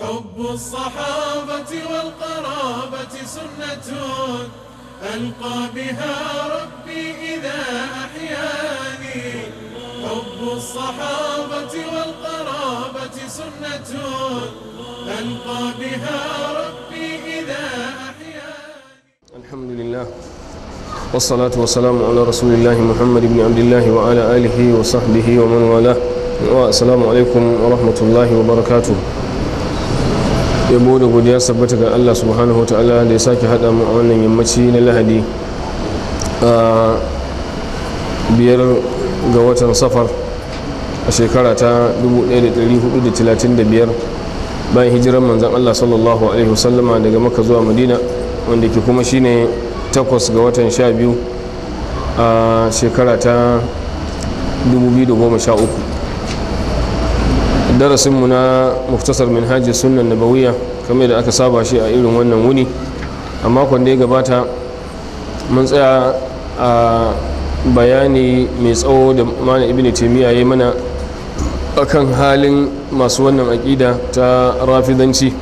حب الصحابة والقرابة سنة ألقى بها ربي إذا أحياني حب الصحابة والقرابة سنة ألقى بها ربي إذا أحياني الحمد لله والصلاة والسلام على رسول الله محمد بن عبد الله وعلى آله وصحبه ومن والاه والسلام عليكم ورحمة الله وبركاته yabo da godiya sabbata ga allah subhanahu wa ta'ala da ya sake hada mu a wannan yammaci na lahadi a biyar ga watan safar a shekara ta 1435 bayan hijirar manzan allah sallallahu alaihi wasallama daga maka zuwa madina wanda ke kuma shine takwas ga watan sha biyu a shekara ta 2013 darasinmu na muftasar minhajin sunan nabawiya kamar da aka saba shi a irin wannan wuni a makon da ya gabata mun tsaya a bayani mai tsawo da mana ibini taimiyya ya mana akan halin masu wannan aƙida ta rafidanci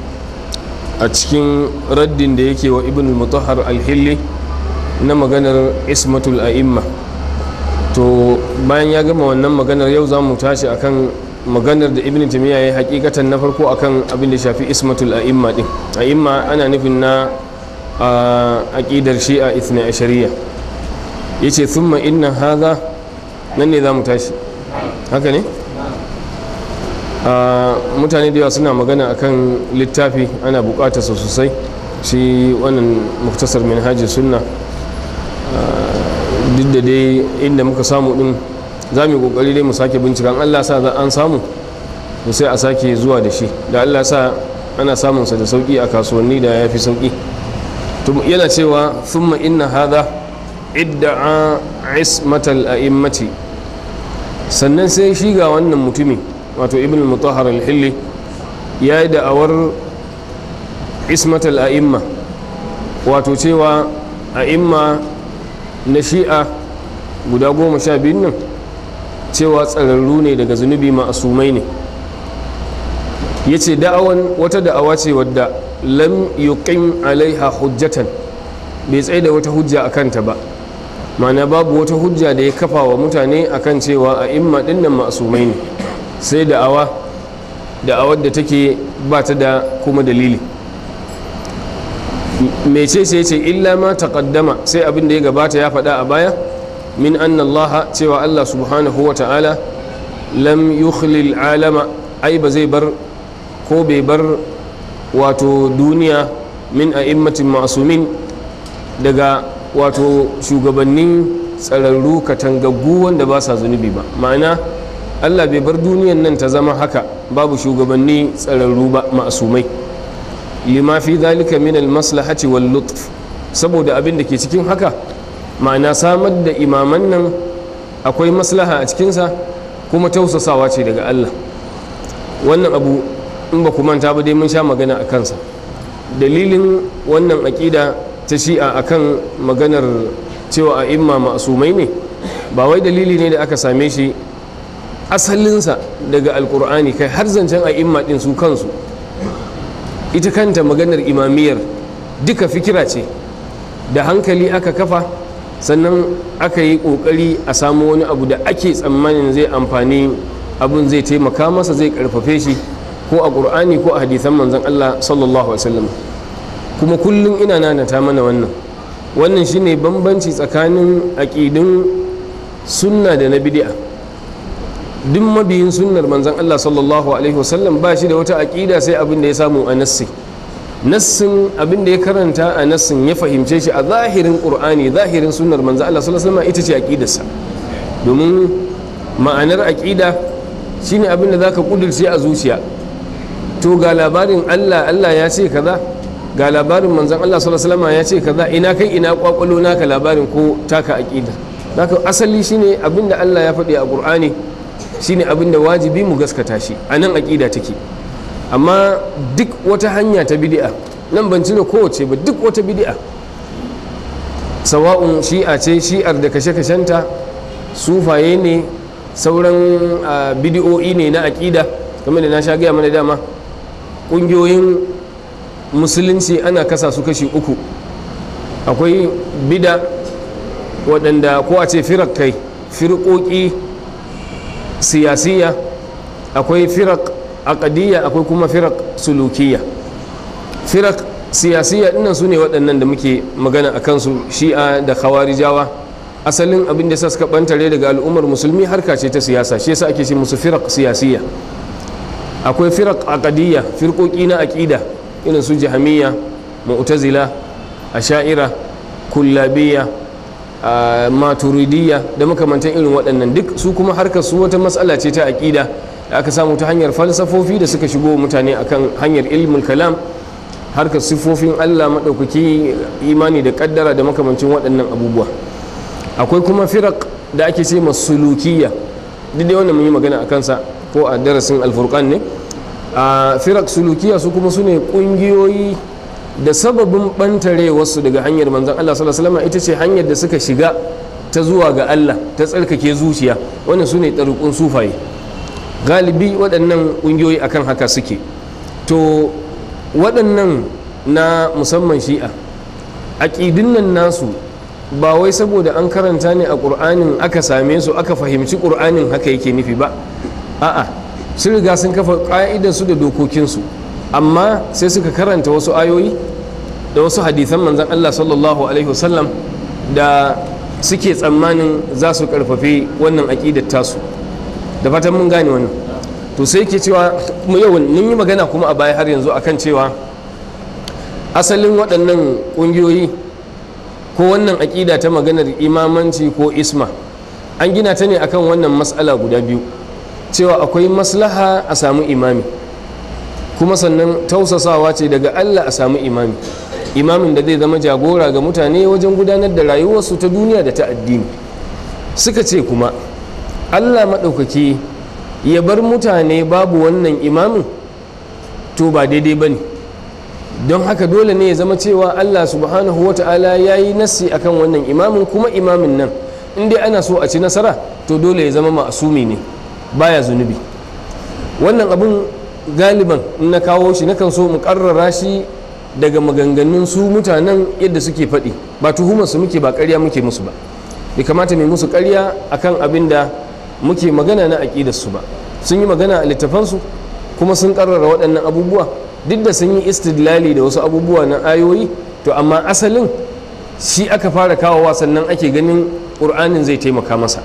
a cikin raddin da yake wa ibn mutahar alhilli na maganar ismatul a'imma to bayan ya gama wannan maganar yau za mu tashi akan maganar da ibn tamiya ya hakikatan na farko akan abin da shafi ismatul a'imma din a'imma ana nufin na aqidar shi'a ithna ashariya yace thumma inna hadha nan ne zamu tashi haka ne mutane da yawa suna magana akan littafi ana bukata su sosai shi wannan muktasar minhajin sunna duk da dai inda muka samu din za mu kokari dai mu sake binciken allah sa an samu to sai a sake zuwa da shi da allah sa ana samun sa da sauki a kasuwanni da ya fi sauki yana cewa thumma inna hadha a ismatal a'immati sannan sai shi ga wannan mutumin wato ibn mutahar al-hilli ya yi da'awar ismatal a'imma wato cewa a'imma na shi'a guda goma sha biyun nan cewa tsararru ne daga zunubi ma'asumai ne ya ce da'awan wata da'awa ce wadda lam yuqim alaiha hujjatan bai tsaye da wata hujja a kanta ba mana babu wata hujja da ya kafa wa mutane a kan cewa a imma dinnan ma'asumai ne sai da'awa da'awar da take ba ta da kuma dalili mece ce ce illa ma taƙaddama sai abin da ya gabata ya faɗa a baya min annallaha Allah cewa Allah subhanahu wa ta'ala lam yukhlil alama ai ba zai bar ko bai bar wato duniya min immatin masumin daga wato shugabannin tsararru katangaggu wanda ba sa zunubi ba ma'ana Allah bai bar duniyan nan ta zama haka babu shugabanni tsararru ba masumai lima fi zalika min al-maslahati wal lutf saboda abin da ke cikin haka ma'ana samar da imaman nan akwai maslaha a cikinsa kuma tausasawa ce daga allah wannan abu in ba manta ba dai mun sha magana a kansa dalilin wannan aƙida ta shi'a kan maganar cewa a imma masumai ne ba wai dalili ne da aka same shi asalinsa daga alkur'ani kai har zancen a imma ɗin su kansu ita kanta maganar imamiyar duka fikira ce da hankali aka kafa sannan aka yi ƙoƙari a samu wani abu da ake tsammanin zai amfani abun zai taimaka masa zai karfafe shi ko a ƙur'ani ko a hadisan manzon Allah sallallahu alaihi wasallam kuma kullum ina nanata mana wannan wannan shine bambanci tsakanin aƙidin sunna da na bid'a duk mabiyin sunnar manzon Allah sallallahu alaihi wasallam ba shi da wata aƙida sai abin da ya samu a nassi nassin abin da ya karanta a nassin ya fahimce shi a zahirin qur'ani zahirin sunnar manzo Allah sallallahu alaihi wasallam ita ce aqidarsa domin ma'anar aqida shine abin da zaka kudurce a zuciya to ga labarin Allah Allah ya ce kaza ga labarin manzon Allah sallallahu alaihi wasallam ya ce kaza ina kai ina kwakwalo naka labarin ko taka aqida zaka asali shine abin da Allah ya faɗi a qur'ani shine abin da wajibi mu gaskata shi anan aqida take amma duk wata hanya ta bidi'a nan ban cire kowace ba duk wata bidi'a sawa'un shi'a ce shi'ar da kashe-kashenta sufaye ne sauran bidi'o'i ne na aƙida kamar da na sha gaya mana dama ƙungiyoyin musulunci ana kasa su kashi uku akwai bida waɗanda ko a ce firak kai firƙoƙi siyasiya akwai firak a aqadiyya akwai kuma firak sulukiya firak siyasiyya dinnan su ne waɗannan da muke magana a kansu shi'a da khawarijawa asalin abin da suka bantare daga al'ummar musulmi harka ce ta siyasa shi yasa ake ce musu firak siyasiyya akwai firak aqadiyya firkoki na aqida irin su jahamiyya mu'tazila asha'ira kullabiyya maturidiyya da makamantan irin waɗannan duk su kuma harkar su wata matsala ce ta aƙida da aka samu ta hanyar falsafofi da suka shigo mutane akan hanyar ilmin kalam harkar sifofin allah maɗaukaki imani da kaddara da makamancin waɗannan abubuwa akwai kuma firak da ake ce masulukiya duk dai wannan mun yi magana a kansa ko a darasin alfurkan ne a firak sulukiya su kuma su ne ƙungiyoyi da sababin wasu daga hanyar manzan allah sallallahu ita ce hanyar da suka shiga ta zuwa ga allah ta tsarkake zuciya wannan su ne ɗarukun sufaye galibi waɗannan ƙungiyoyi akan haka suke to waɗannan na musamman shi'a a nan nasu ba wai saboda an karanta ne a ƙur'anin aka same su aka fahimci ƙur'anin haka yake nufi ba a'a sun riga sun kafa ƙa'idarsu da dokokinsu amma sai suka karanta wasu ayoyi da wasu hadithan manzan Allah sallallahu alaihi wasallam da suke tsammanin za su ƙarfafi wannan aƙidar tasu da fatan mun gane wani to sai ke cewa yau mun yi magana kuma a baya har yanzu akan cewa asalin waɗannan ƙungiyoyi ko wannan aƙida ta maganar imamanci ko isma an gina ta ne akan wannan matsala guda biyu cewa akwai maslaha a samu imami kuma sannan tausasawa ce daga allah a samu imami imamin da zai zama jagora ga mutane wajen gudanar da rayuwarsu ta duniya da ta addini suka ce kuma allah maɗaukaki ya bar mutane babu wannan imamin to ba daidai ba ne don haka dole ne ya zama cewa allah subhanahu wa ta'ala ya yi nassi akan wannan imamin kuma imamin nan in dai ana so a ci nasara to dole ya zama ma'asumi ne baya zunubi wannan abun galiban in na kawo shi nakan so mu karrara shi daga maganganun su mutanen yadda suke faɗi ba tuhumar su muke ba karya muke musu ba ya kamata mai musu ƙarya akan abin da muke magana na su ba sun yi magana a littafansu kuma sun ƙarara waɗannan abubuwa duk da sun yi istidlali da wasu abubuwa na ayoyi to amma asalin shi aka fara kawowa sannan ake ganin ƙur'anin zai taimaka masa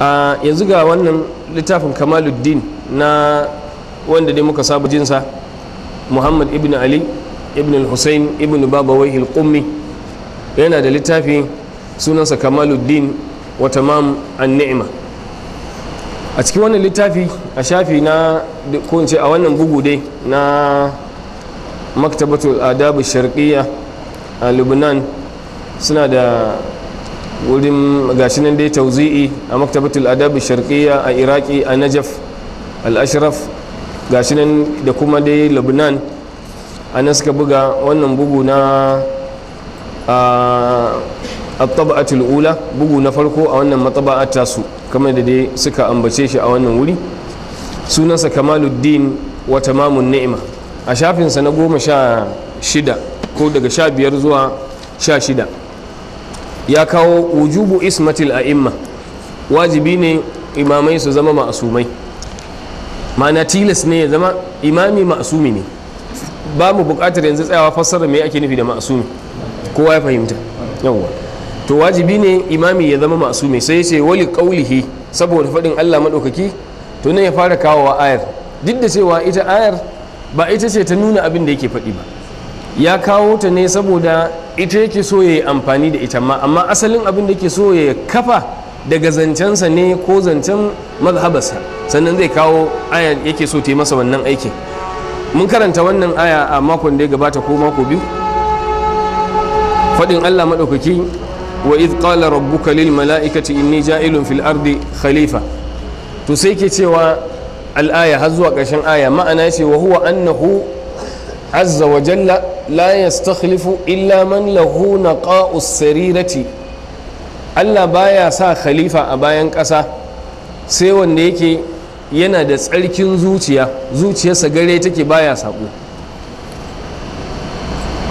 a yanzu ga wannan littafin kamaluddin na wanda dai muka saba jinsa muhammad ibn ali ibn al ibn babawai al yana da littafi sunansa kamaluddin wa tamam an ni'ima a cikin wannan littafi a shafi na ko a wannan bugu dai na maktabatul adabu sharqiyya a lubnan suna da wurin gashi nan dai tauzi'i a maktabatul adabu sharqiyya a iraki a najaf al-ashraf gashi da kuma dai lubnan a nan suka buga wannan bugu na at ula bugu na farko a wannan mataba'ar su kamar da dai suka ambace shi a wannan wuri sunansa kamaluddin wa tamamun ni'ima a shafinsa na goma sha shida ko daga sha biyar zuwa sha shida ya kawo wujubu ismatil a'imma wajibi ne imamai su zama ma'asumai ma'ana tilas ne ya zama imami ma'asumi ne ba mu bukatar yanzu tsayawa fassara me ake nufi da ma'asumi kowa ya fahimta yawwa to wajibi ne imami ya zama masu mai sai ce wali kaulihi saboda faɗin Allah maɗaukaki to ne ya fara kawo wa ayar duk da cewa ita ayar ba ita ce ta nuna abin da yake faɗi ba ya kawo ta ne saboda ita yake so ya yi amfani da ita ma amma asalin abin da yake so ya kafa daga zancensa ne ko zancen mazhabarsa sannan zai kawo ayar yake so ta yi masa wannan aikin mun karanta wannan aya a makon da ya gabata ko mako biyu faɗin allah maɗaukaki wa idh qala rabbuka lil mala'ikati inni ja'ilun fil ardi khalifa to sai ke cewa al'aya har zuwa ƙarshen aya ma'ana ce wa huwa annahu azza wa jalla la yastakhlifu illa man lahu naqa'u sarirati Allah baya sa khalifa a bayan ƙasa sai wanda yake yana da tsarkin zuciya zuciyarsa gare take baya saƙo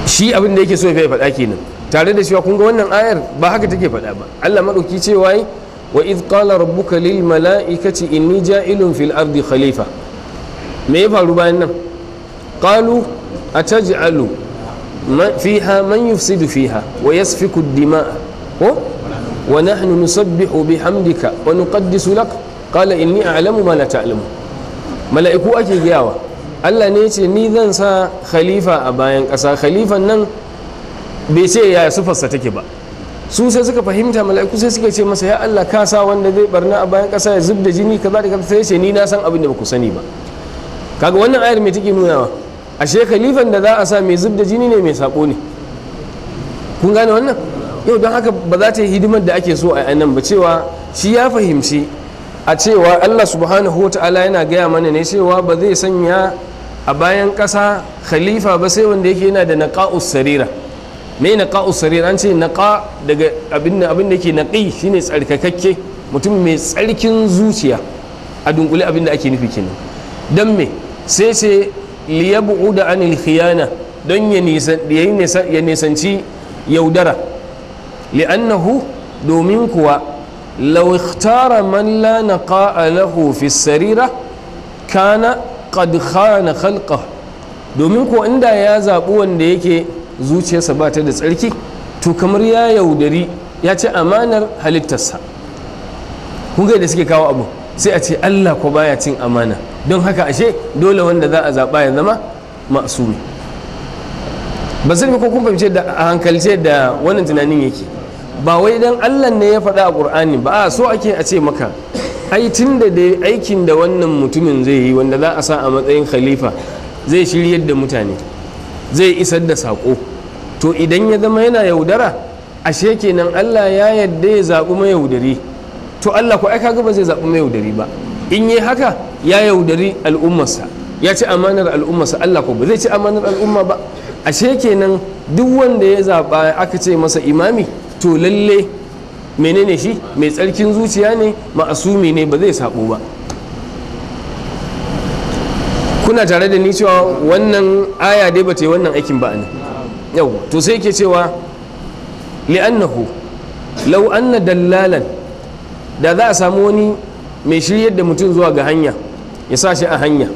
shi abin da yake so ya faɗa kenan tare da cewa kun ga wannan ayar ba haka take faɗa ba Allah maɗauki cewa yi wa iz qala rabbuka lil mala'ikati inni ja'ilun fil ardi khalifa me ya faru bayan nan qalu ataj'alu fiha man yufsidu fiha wa yasfiku ad-dima'a ko wa nahnu nusabbihu bihamdika wa nuqaddisu lak qala inni a'lamu ma la ta'lamu mala'iku ake giyawa Allah ne ya ce ni zan sa khalifa a bayan ƙasa khalifan nan bai ce ya su sufarsa take ba su sai suka fahimta mala'iku sai suka ce masa ya Allah ka sa wanda zai barna a bayan ƙasa ya zub da jini kaza da kaza sai ce ni na san abin da baku sani ba kaga wannan ayar mai take nunawa ashe khalifan da za a sa mai zub da jini ne mai sako ne kun gane wannan yau don haka ba za ta yi hidimar da ake so a nan ba cewa shi ya fahimci a cewa Allah subhanahu wa ta'ala yana gaya mana ne cewa ba zai sanya a bayan kasa khalifa ba sai wanda yake yana da naqa'us sarira me naqa usarir an ce naqa daga abin da ke da shine tsarkakakke mutum mai tsarkin zuciya a dunkule abin da ake nufi kenan dan me sai ce da anil khiyana don ya nisanci yaudara li'annahu domin kuwa law ikhtara man la naqa lahu fi sarira kana qad khana khalqa domin ko inda ya zaɓi wanda yake zuciyarsa ba ta da tsarki to kamar ya yaudari ya ce amanar halittarsa kun da suke kawo abu sai a ce Allah ko baya cin amana don haka ashe dole wanda za a zaɓa ya zama ma'asumi ba zai ko kun fahimce da a hankalce da wannan tunanin yake ba wai dan Allah ne ya faɗa a ƙur'ani ba a so ake a ce maka ai tun da dai aikin da wannan mutumin zai yi wanda za a sa a matsayin khalifa zai shiryar da mutane zai isar da saƙo to idan ya zama yana yaudara ashe kenan Allah ya yadda ya zaɓi mai yaudari to Allah ko ai kaga ba zai zaɓi mai yaudari ba in yi haka ya yaudari al'ummarsa ya ci amanar al'ummarsa Allah ko ba zai ci amanar al'umma ba ashe kenan duk wanda ya zaɓa aka ce masa imami to lalle menene shi mai tsarkin zuciya ne ma'asumi ne ba zai saɓo ba kuna tare da ni cewa wannan aya dai ba ta yi wannan aikin ba a nan? yau to sai ke cewa li'annahu lau anna dallalan da za a samu wani mai shiryar da mutum zuwa ga hanya ya sa shi a hanya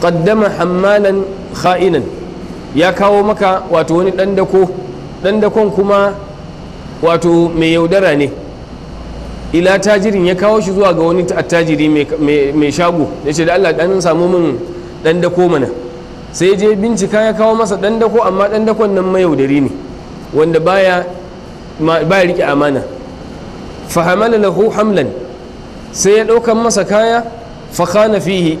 qaddama hammalan kha'inan ya kawo maka wato wani dandako dandakon kuma wato mai yaudara ne ila tajirin ya kawo shi zuwa ga wani attajiri mai shago ya ce da allah ɗan samu min dandako mana sai je bincika ya kawo masa dan dako amma dan dakon nan mayaudari ne wanda baya ya rike amana fahamala lahu hamlan sai ya ɗaukar masa kaya fakana fihi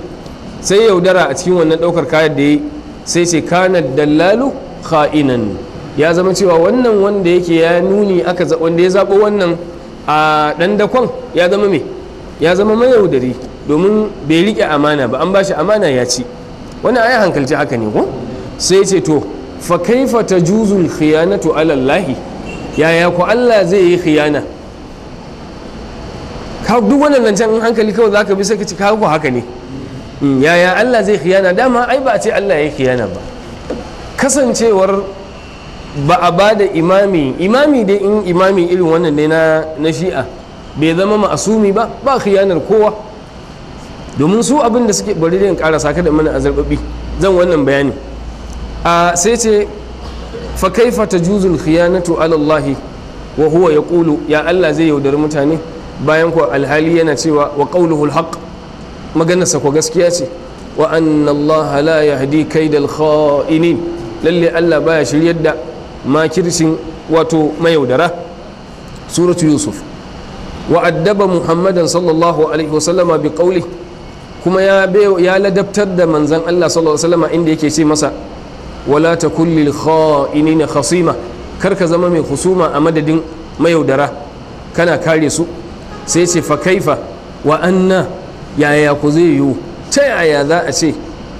sai yaudara a cikin wannan ɗaukar kaya da ya yi sai ce kana dallalu kha'inan ya zama cewa wannan wanda yake ya nuni aka wanda ya zaɓo wannan a ɗan dakon ya zama me ya zama mayaudari domin bai riƙe amana ba an ba shi amana ya ci wani ai hankalci haka ne ko sai ce to fa kaifa tajuzul khiyanatu ala Allah yaya ku Allah zai yi khiyana ka duk wannan zancen in hankali kawai zaka bi sai ka ci ka ku haka ne hmm, yaya Allah zai khiyana dama ai ba a ce Allah ya khiyana ba kasancewar ba a ba da imami imami dai in imami irin wannan ne na shi'a bai zama ma'asumi ba ba khiyanar kowa domin su abin da suke bari in karasa da mana azarbabi zan wannan bayani a sai ce fa kaifa tajuzul khiyanatu ala Allah wa huwa yaqulu ya Allah zai yaudari mutane bayan ko alhali yana cewa wa qawluhu alhaq maganarsa ko gaskiya ce wa anna Allah la yahdi kaidal kha'inin lalle Allah baya shiryar da makircin wato mayaudara suratu yusuf wa addaba muhammadan sallallahu alaihi wasallama bi qawlihi kuma ya ladabtar da manzan Allah sallallahu alaihi inda yake ce masa wala takul lil kha'inina khasima kar ka zama mai husuma a madadin mayaudara kana kare su sai ce fa kaifa wa anna yaya ku zai ta yaya za a ce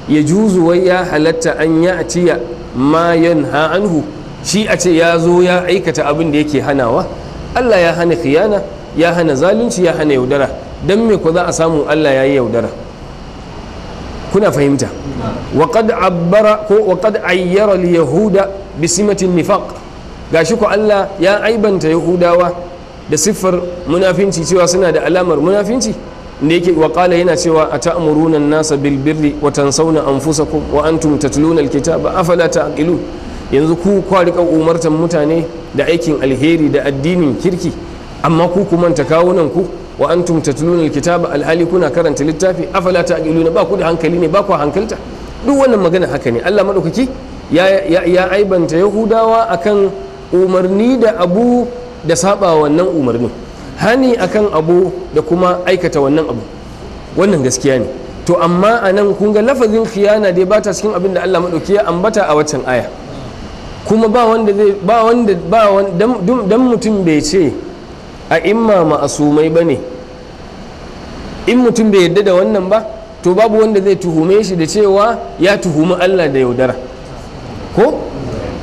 ya juzu wai ya halatta an ya atiya ma yanha anhu shi a ce ya zo ya aikata abin da yake hanawa Allah ya hana khiyana ya hana zalunci ya hana yaudara dan me ku za a samu Allah ya yi yaudara kuna fahimta waƙad abara ko waƙad ayyara yahuda bi simatin nifaq gashi ko Allah ya aibanta yahudawa da siffar munafinci cewa suna da alamar munafinci da yake waƙala yana cewa a ta'amuruna nasa bil birri wa tansawna anfusakum wa antum tatluna alkitaba afala ta'qilun yanzu ku kwa rika umartan mutane da aikin alheri da addinin kirki amma ku ku manta nan ku wa antum tatluna alkitaba alhali kuna karanta littafi afala ta'qiluna ba ku da hankali ne ba ku hankalta duk wannan magana haka ne Allah maɗaukaki ya ya aibanta yahudawa akan umarni da abu da saba wannan umarni hani akan abu da kuma aikata wannan abu wannan gaskiya ne to amma a nan kun ga lafazin khiyana dai ba ta cikin abin da Allah maɗauki ya ambata a waccan aya kuma ba wanda zai ba wanda ba dan mutum bai ce a imma ma'asumai ba ne in mutum bai yarda da wannan ba to babu wanda zai tuhume shi da cewa ya tuhumi allah da yaudara ko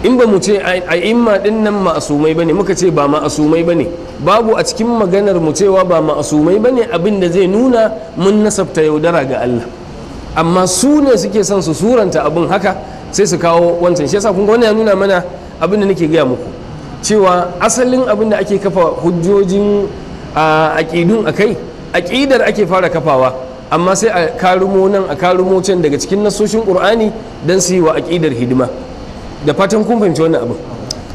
in ba mu ce a imma din nan ma'asumai ba ne muka ce ba ma'asumai ba ne babu a cikin maganar mu cewa ba ma'asumai ba ne abin da zai nuna mun nasabta yaudara ga allah amma su ne suke son su suranta abin haka sai su kawo wancan shi yasa kun ga wannan ya nuna mana abin da nake gaya muku cewa asalin abin da ake kafa hujjojin aƙidun a kai aƙidar ake fara kafawa amma sai a karumo nan a karumo can daga cikin nasoshin ƙur'ani don su yi wa aƙidar hidima da fatan kun fahimci wannan abin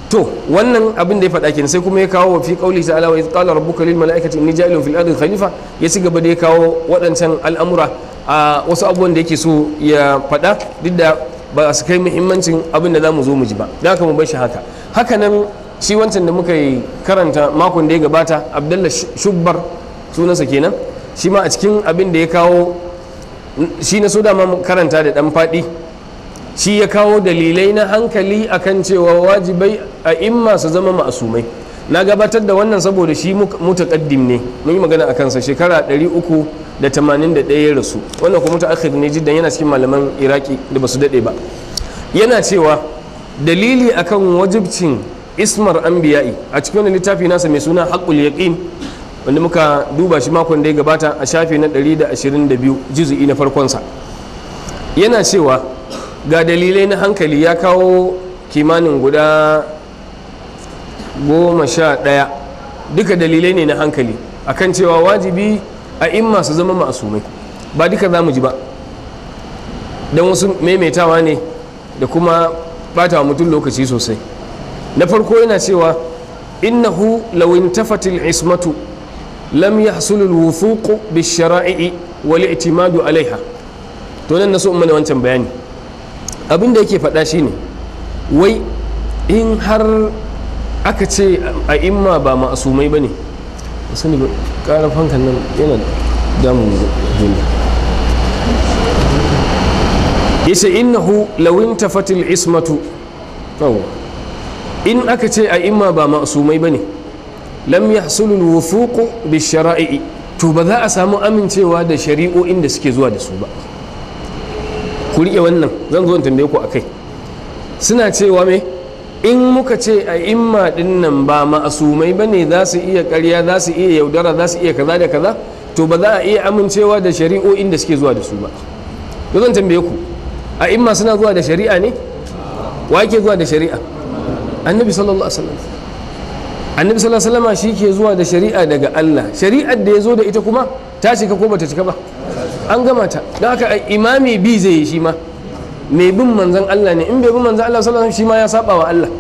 to wannan abin da ya faɗa kenan sai kuma ya kawo wa fi qauli ala wa qala rabbuka lil mala'ikati inni ja'ilun fil ardi khalifa ya ci gaba da ya kawo waɗancan al'amura a wasu abubuwan da yake so ya faɗa duk da ba su kai muhimmancin abin da za mu zo mu ji ba da haka mu bar shi haka haka nan shi wancan da muka yi karanta makon da ya gabata abdullah shubbar sunansa kenan shi ma a cikin abin da ya kawo shi na so dama karanta da dan faɗi shi ya kawo dalilai na hankali akan cewa wajibai a imma su zama ma'asumai na gabatar da wannan saboda shi kaddim ne mun yi magana a kansa shekara 381 ya rasu wannan kuma mutaakhir ne jiddan yana cikin malaman iraki da basu dade ba yana cewa dalili akan wajibcin ismar an anbiya'i a cikin wani littafi nasa mai suna haƙul yaƙin wanda muka duba shi makon da ya gabata a shafi na 122 juz'i na farkonsa yana cewa ga dalilai na hankali ya kawo kimanin guda goma ɗaya duka dalilai ne na hankali akan cewa wajibi a in masu zama ma'asumai ba duka za mu ji ba don wasu maimaitawa ne da kuma bata mutum lokaci sosai na farko yana cewa innahu law intafatil ismatu lam wufuƙu wufuqu bishara'i wal i'timadu alaiha to nan naso mana wancan bayani abin da yake faɗa shine wai in har aka ce a imma ba ma'asumai bane sani ba ƙarar fankan nan yana damun jini yace innahu law ismatu in aka ce a imma ba masumai ne lam sulul wufuku bi shara'i to ba za a samu amincewa da shari'o'in da suke zuwa da su ba ku riƙe wannan zan zo in tambaye ku akai suna cewa me in muka ce a imma din nan ba ma'asumai ba ne za su iya karya za su iya yaudara za su iya kaza da kaza to ba za a iya amincewa da shari'o'in da suke zuwa da su ba to zan tambaye ku a imma suna zuwa da shari'a ne wa ke zuwa da shari'a annabi sallallahu alaihi wasallam annabi sallallahu alaihi wasallam shi ke zuwa da shari'a daga Allah shari'ar da ya zo da ita kuma ta cika ko bata cika ba an gama ta don haka imami bi zai yi shi ma mai bin manzan Allah ne in bai bin manzan Allah sallallahu alaihi wasallam shi ma ya saba wa Allah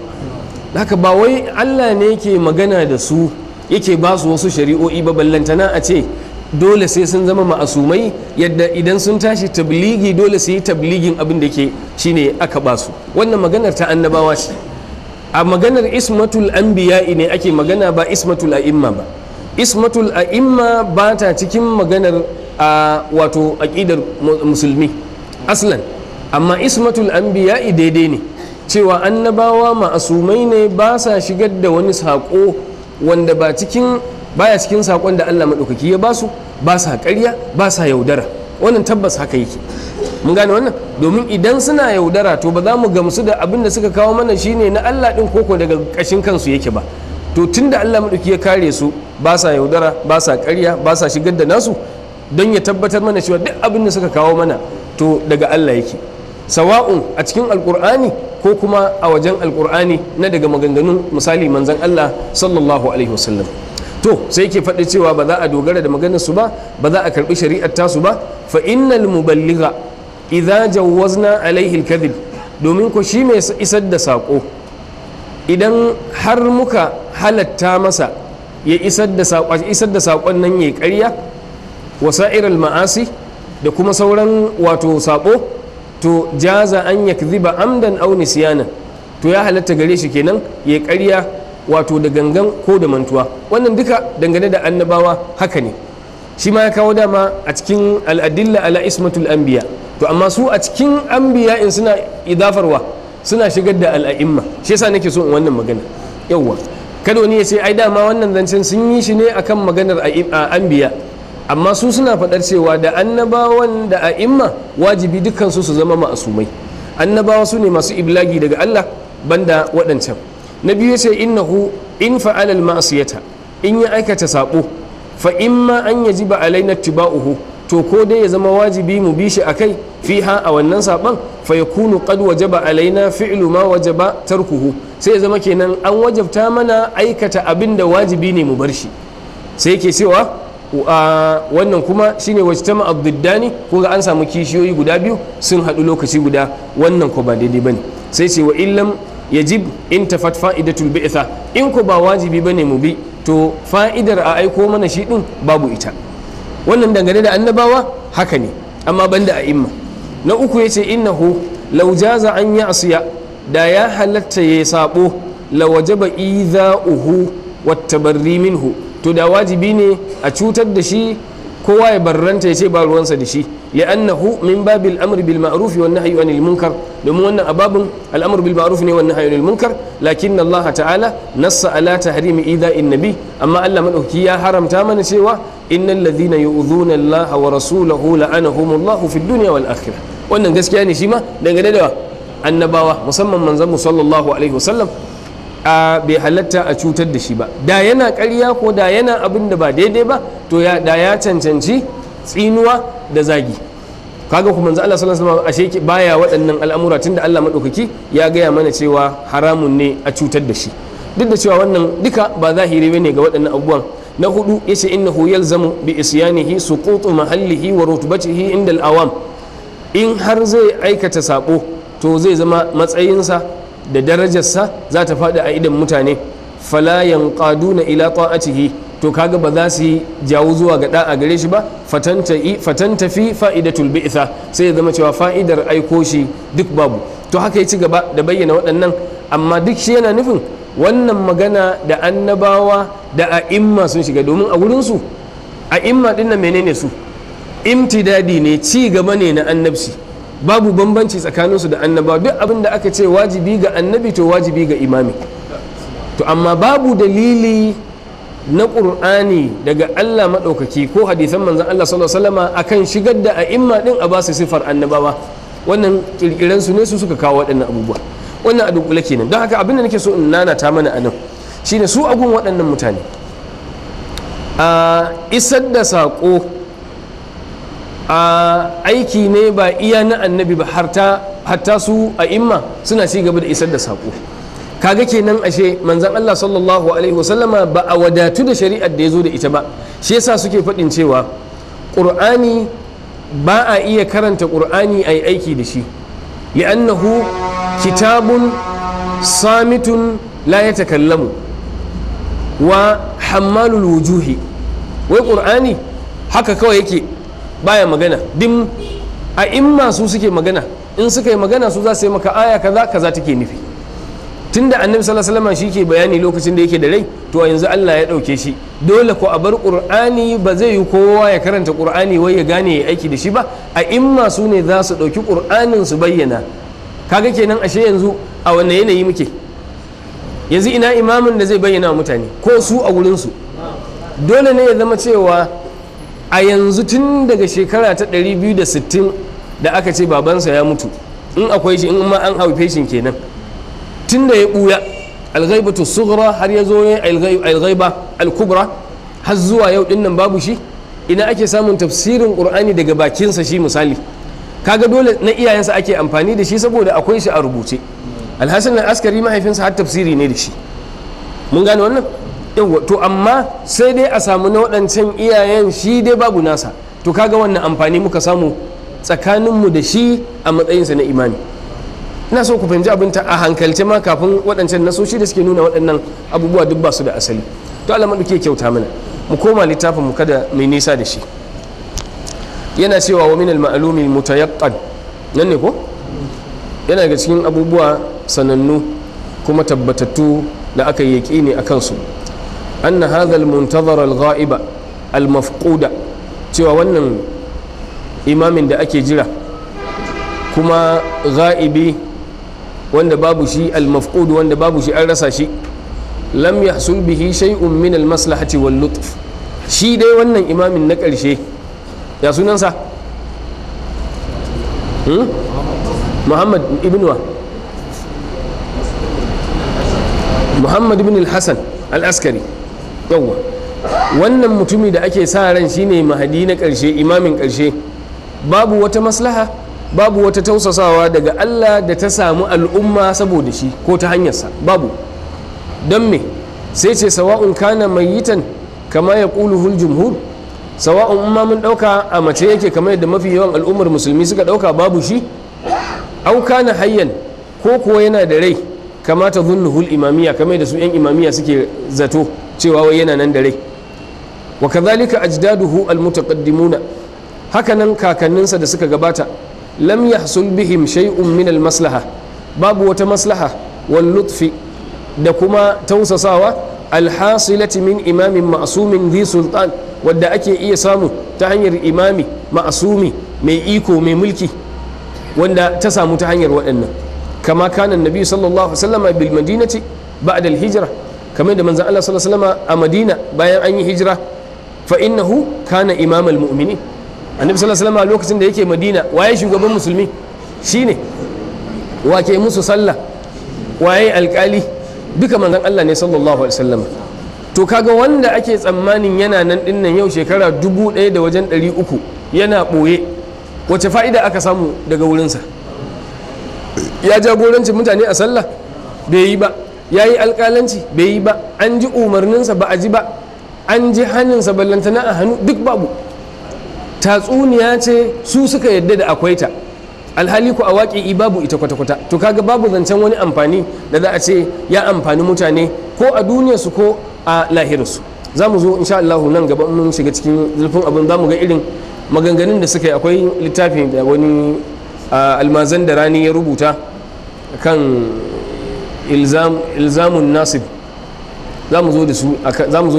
haka ba wai Allah ne yake magana da su yake ba su wasu shari'o'i ba ballantana a ce dole sai sun zama ma'asumai yadda idan sun tashi tabligi dole su yi tabligin abin da ke shine aka ba su wannan maganar ta annabawa ce a maganar ismatul anbiya'i ne ake magana ba ismatul a'imma ba ismatul a'imma ba ta cikin maganar a wato aƙidar musulmi aslan amma ismatul anbiya'i daidai ne cewa annabawa ma'asumai ne ba sa shigar da wani saƙo wanda ba cikin baya cikin saƙon da Allah maɗaukaki ya basu ba sa ƙarya ba sa yaudara wannan tabbas haka yake mun gane wannan domin idan suna yaudara to ba za mu gamsu da abin da suka kawo mana shine na Allah din koko daga kashin kansu yake ba to tunda Allah maɗauki ya kare su ba sa yaudara ba sa ƙarya ba sa shigar da nasu don ya tabbatar mana cewa duk abin da suka kawo mana to daga Allah yake sawa'un a cikin alkur'ani ko kuma a wajen alkur'ani na daga maganganun misali manzan Allah sallallahu alaihi wasallam to sai ke faɗi cewa ba za a dogara da maganar su ba ba za a karɓi shari'ar tasu ba fa innal muballigha idza jawazna alaihi alkadhib domin ku shi mai isar da saƙo? idan har muka halatta masa ya isar da sakon nan da sakon nan yayi ƙarya wasa'ir da kuma sauran wato Saƙo to jaza an yakdhiba amdan aw nisyana to ya halatta gare shi kenan yayi ƙarya wato da gangan ko da mantuwa wannan duka dangane da annabawa haka ne shi ma ya kawo dama a cikin al'adilla ala ismatul anbiya to amma su a cikin ambiya in suna idafarwa suna shigar da al'a'imma shi yasa nake so in wannan magana yawwa kada wani ya ce ai dama wannan zancen sun yi shi ne akan maganar anbiya amma su suna faɗar cewa da annabawan da a'imma wajibi dukkansu su zama ma'asumai annabawa su ne masu iblagi daga Allah banda waɗancan na biyu ce innahu in fa'alal ma'asiyata in ya aikata saɓo fa imma an yajiba alaina tuba'uhu to ko dai ya zama wajibi mu bi shi a kai fiha a wannan saɓan fa ya kunu qad wajaba alaina fi'lu ma wajaba tarkuhu sai ya zama kenan an wajabta mana aikata abin da wajibi ne mu bar shi sai ke cewa wannan kuma shine wajtama ad-diddani ko ga an samu kishiyoyi guda biyu sun hadu lokaci guda wannan ko ba daidai bane sai ce wa illam yajib in tafat fa'idatul bi'tha in ko ba wajibi bane mu bi to fa'idar a aiko mana shi din babu ita wannan dangane da annabawa haka ne amma banda a imma na uku ya ce innahu lau jaza an a asiya da ya halatta ya sabo la wajaba idha'uhu wat tabarri minhu to da wajibi ne a cutar da shi kowa ya barranta ya ce ba ruwansa da shi li'annahu min babil amr bil ma'ruf wan nahyi anil munkar domin wannan ababun al'amr bil ma'ruf ne wan nahyi anil munkar lakin Allah ta'ala nassa ala tahrimi ida'in nabi amma Allah madauki ya haramta mana cewa innal ladhina yu'dhuna Allah wa rasulahu la'anahumullah fid dunya wal akhirah wannan gaskiya ne shi ma dangane da annabawa musamman manzon sallallahu alaihi wasallam a bai halatta a cutar da shi ba da yana karya ko da yana abin da ba daidai ba to da ya cancanci tsinuwa da zagi kaga kuma manzo Allah sallallahu alaihi wasallam ashe baya waɗannan al'amura tunda Allah madaukaki ya gaya mana cewa haramun ne a cutar da shi duk da cewa wannan duka ba zahiri bane ga waɗannan abubuwan na hudu yace innahu yalzamu bi isyanihi suqutu mahallihi wa rutbatihi inda al-awam in har zai aikata sabo to zai zama matsayinsa da darajarsa za ta faɗi a idan mutane falayan kaduna ila ta'atihi to kaga ba za su jawo zuwa ga da'a gare shi ba fatan tafi fa'idatul bi'tha sai ya zama cewa fa'idar aiko shi duk babu to haka ya ci gaba da bayyana waɗannan amma duk shi yana nufin wannan magana da annabawa da a'imma sun shiga domin a su a'imma ɗin na menene su imtidadi ne ci gaba ne na annabci babu bambanci tsakaninsu da annabawa duk abin da aka ce wajibi ga annabi to wajibi ga imami to amma babu dalili na ƙur'ani daga Allah maɗaukaki ko hadisan manzan Allah sallallahu alaihi akan shigar da a'imma din a basu sifar annabawa wannan kirkiran su ne su suka kawo waɗannan abubuwa wannan a dunkule kenan don haka abin da nake so in nanata mana a nan shine su agun waɗannan mutane a isar da saƙo aiki ne ba iya na annabi ba hatta su a imma suna ci gaba da isar da saƙo kaga kenan ashe manzan Allah sallallahu alaihi wasallama ba a wadatu da shari'ar da ya zo da ita ba shi yasa suke faɗin cewa ƙur'ani ba a iya karanta ƙur'ani a aiki da shi ya annahu kitabun samitun la ya wa hammalul wujuhi wai ƙur'ani haka kawai yake baya magana dim a imma su suke magana in suka yi magana su za su yi maka aya kaza kaza take nufi tunda annabi sallallahu alaihi wasallam shi ke bayani lokacin da yake da rai to yanzu Allah ya dauke shi dole ko a bar qur'ani ba zai yi kowa ya karanta qur'ani wai ya gane ya aiki da shi ba a imma su ne za su dauki qur'anin su bayyana kaga kenan ashe yanzu a wanne yanayi muke yanzu ina imamin da zai bayyana mutane ko su a wurin su dole ne ya zama cewa a yanzu tun daga shekara ta 260 da aka ce babansa ya mutu in akwai shi in ma an haife shi kenan tun da ya buya ta sughra har ya zo alghaiba alkubra har zuwa yau din nan babu shi ina ake samun tafsirin qur'ani daga bakinsa shi misali kaga dole na iyayensa ake amfani da shi saboda akwai shi a rubuce alhassan askari mahaifinsa har tafsiri ne da shi mun gane wannan yawa to amma sai dai a samu na waɗancan iyayen shi dai babu nasa to kaga wannan amfani muka samu tsakaninmu da shi a matsayinsa na imani ina so ku fahimci abin ta a hankalce ma kafin waɗancan nasoshi da suke nuna waɗannan abubuwa duk basu da asali to Allah duke kyauta mana mu koma littafin mu kada mai nisa da shi yana cewa wa min al-ma'lumi mutayaqqan nan ne ko yana ga cikin abubuwa sanannu kuma tabbatattu da aka yi yaqini a kansu anna hadha al-muntazar al-ghaiba al-mafquda cewa wannan imamin da ake jira kuma ghaibi wanda babu shi al-mafqud wanda babu shi an rasa shi lam yahsul bihi shay'un min al-maslahati wal lutf shi dai wannan imamin na karshe ya sunansa muhammad ibn wa muhammad ibn al-hasan al-askari yawwa wannan mutumi da ake sa ran shine mahadi na ƙarshe imamin ƙarshe babu wata maslaha babu wata tausasawa daga Allah da ta samu al'umma saboda shi ko ta hanyarsa babu don me sai ce sawa'un kana mai yitan kama ya ƙuluhul jumhur sawa'un imamin dauka ɗauka a mace yake kama yadda mafi yawan al'ummar musulmi suka ɗauka babu shi au kana hayyan ko kuwa yana da rai kamata zunnuhul imamiya kama da su 'yan imamiya suke zato cewa wai yana nan da rai wa kadhalika ajdaduhu almutaqaddimuna hakanan kakanninsa da suka gabata lam yahsul bihim shay'un min almaslaha babu wata maslaha wal lutfi da kuma tausasawa alhasilati min imamin ma'sumin dhi sultan wadda ake iya samu ta hanyar imami ma'asumi mai iko mai mulki wanda ta samu ta hanyar waɗannan kama kanan nabi sallallahu alaihi wasallam bil madinati ba'da al hijra kamar da manzon Allah sallallahu a Madina bayan an yi hijira fa innahu kana imamal mu'minin annabi sallallahu alaihi wasallam lokacin da yake Madina waye shugaban musulmi shine wake musu sallah waye alkali duka manzon Allah ne sallallahu alaihi wasallam to kaga wanda ake tsammanin yana nan dinnan yau shekara dubu ɗaya da wajen ɗari uku yana ɓoye wace fa'ida aka samu daga wurinsa ya jagoranci mutane a sallah bai yi ba ya yi alƙalanci bai yi ba an ji umarninsa ba a ji ba an ji hannunsa ballantana a hannu duk babu tatsuniya ce su suka yadda da akwai ta alhali ku a i babu ita kwata-kwata to kaga babu zancen wani amfani da za a ce ya amfani mutane ko a duniyarsu ko a lahirarsu za mu zo insha Allah nan gaba mun shiga cikin zurfin abin za mu ga irin maganganun da suka yi akwai littafin da wani ah, almazan da rani ya rubuta kan ilzamun nasib za mu zo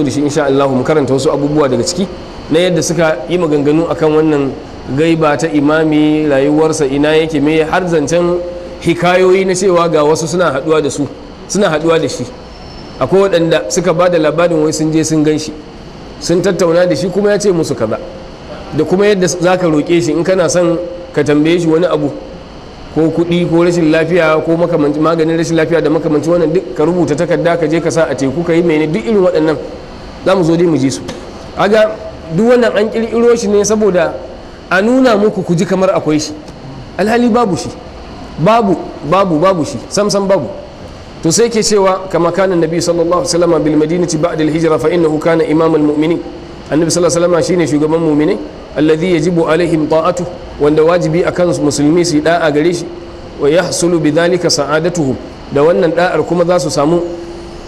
da shi insha Allah mu karanta wasu abubuwa daga ciki na yadda suka yi maganganu akan wannan gaiba ta imami rayuwarsa ina yake me har zancen hikayoyi na cewa ga wasu suna haduwa da su suna haduwa da shi akwai waɗanda suka ba da labarin wai sun je sun gan shi sun tattauna da shi kuma ya ce musu kaza da kuma yadda za ka roƙe shi in kana son ka tambaye shi wani abu ko kuɗi ko rashin lafiya ko maganin rashin lafiya da makamanci wannan duk ka rubuta takarda ka je ka sa a teku ka yi mene duk irin waɗannan za mu zo dai mu ji su aga duk wannan an ƙirƙiro shi ne saboda a nuna muku ku ji kamar akwai shi alhali babu shi babu babu babu shi sam sam babu to sai ke cewa kama kanan nabi sallallahu alaihi wasallam bil madinati ba'da al hijra fa innahu kana imamul mu'minin annabi sallallahu alaihi wasallam shine shugaban mu'minai alladhi yajibu alaihim ta'atu wanda wajibi akan musulmi su da'a gare shi wa yahsulu bidhalika sa'adatuhu da wannan da'ar kuma za su samu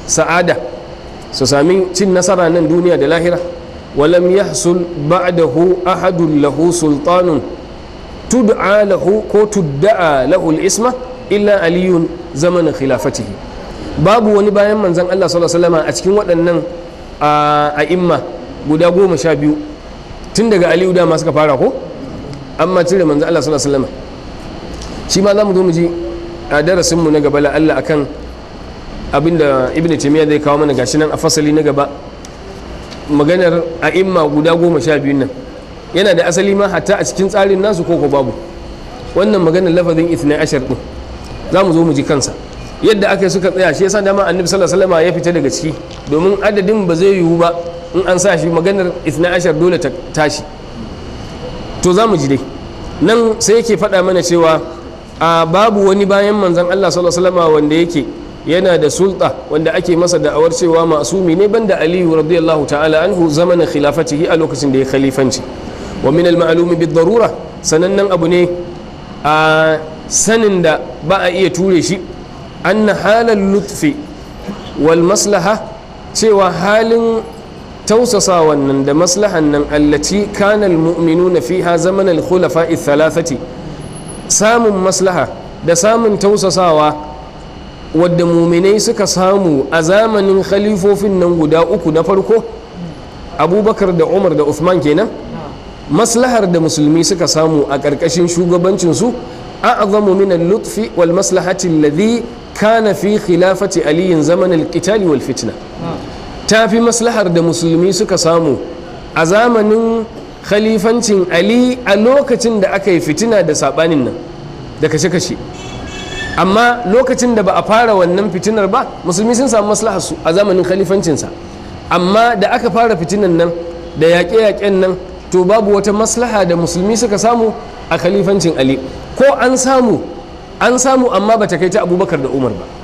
sa'ada su sami cin nasara nan duniya da lahira walam yahsul ba'dahu ahadun lahu sultanun tud'a lahu ko tudda'a lahu al-isma illa aliyun zamanin khilafatihi babu wani bayan manzon Allah sallallahu alaihi wasallam a cikin waɗannan a'imma guda goma sha biyu tun daga aliyu dama suka fara ko amma cire manzo Allah sallallahu alaihi shi ma zamu zo mu ji a darasin mu na gaba la Allah akan abinda ibn taymiya zai kawo mana gashi nan a fasali na gaba maganar a imma guda goma sha biyun nan yana da asali ma hatta a cikin tsarin nasu ko ko babu wannan maganar lafazin ithna ashar din za mu zo mu ji kansa yadda aka suka tsaya shi yasa dama annabi sallallahu alaihi wasallam ya fita daga ciki domin adadin ba zai yiwu ba in an sa shi maganar isna ashar dole ta tashi to za mu ji dai nan sai yake faɗa mana cewa a babu wani bayan manzan Allah sallallahu alaihi wanda yake yana da sulta wanda ake masa da'awar cewa masumi ne banda aliyu radiyallahu ta'ala anhu zamana khilafatihi a lokacin da ya khalifanci wa min al-ma'lumi bid-darura sanannen abu ne a sanin da ba a iya ture shi anna halal lutfi wal maslaha cewa halin tausasa wannan da maslahan nan allaci kanal muminu mu'minuna fiha zaman al-khulafa thalathati samun maslaha da samun tausasawa wadda muminai suka samu a zamanin khalifofin nan guda uku na farko abubakar da umar da uthman kenan maslahar da musulmi suka samu a ƙarƙashin shugabancinsu a'zamu min lutfi wal maslahati alladhi kana fi khilafati aliyin zaman al wal fitna ta fi maslahar da musulmi suka samu a zamanin khalifancin ali a lokacin da aka yi fitina da saɓanin nan da kashe-kashe amma lokacin da ba a fara wannan fitinar ba musulmi sun samu maslahar su a zamanin khalifancinsa amma da aka fara fitinan nan da yaƙe-yaƙen nan to babu wata maslaha da musulmi suka samu a khalifancin ali ko an samu an samu amma ba ta kai ta abubakar da umar ba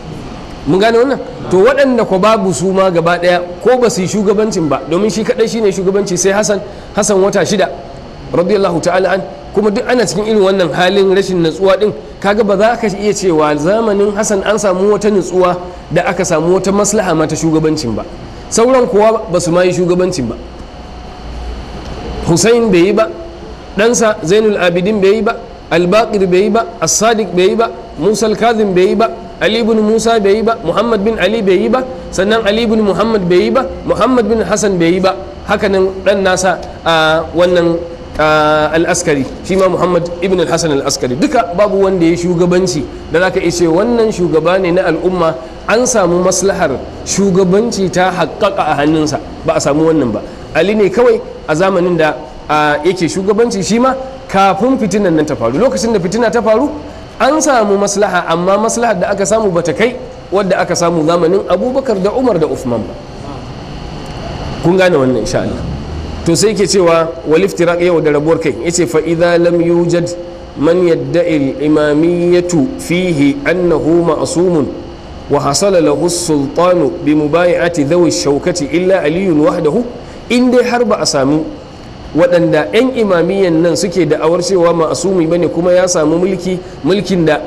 mun gane wannan to waɗanda ko babu su ma gaba ɗaya ko ba su yi shugabancin ba domin shi kaɗai shine shugabanci sai hasan hasan wata shida radiyallahu ta'ala an kuma duk ana cikin irin wannan halin rashin natsuwa din kaga ba za ka iya cewa zamanin hasan an samu wata natsuwa da aka samu wata maslaha ma ta shugabancin ba sauran kuwa ba su ma yi shugabancin ba hussein bai yi ba ɗansa zainul abidin bai yi ba albaqir bai yi ba as-sadiq bai yi ba musal kazim bai yi ba ali ibn musa bai yi ba muhammad bin ali bai yi ba sannan ali ibn muhammad bai yi ba muhammad bin hassan bai yi ba hakanan dan nasa a wannan al'askari shi ma muhammad ibn al-hassan al'askari duka babu wanda ya shugabanci da za ka ce wannan shugaba ne na al'umma an samu maslahar shugabanci ta haƙaƙa a hannunsa ba a samu wannan ba ali ne kawai a zamanin da yake shugabanci shi ma kafin fitinan nan ta faru lokacin da fitina ta faru an samu maslaha amma maslahar da aka samu bata kai wadda aka samu zamanin abubakar da umar da usman ba kun gane wannan insha Allah to sai ke cewa wal iftiraq yau da rabuwar kai yace fa idza lam yujad man yadda'i al imamiyyatu fihi annahu ma'sumun wa hasala lahu as-sultanu bi mubayi'ati dhawi shaukati illa aliyun wahdahu in dai har ba a samu waɗanda 'yan imamiyyan nan suke da'awar cewa ma'asumi bane kuma ya samu mulki mulkin da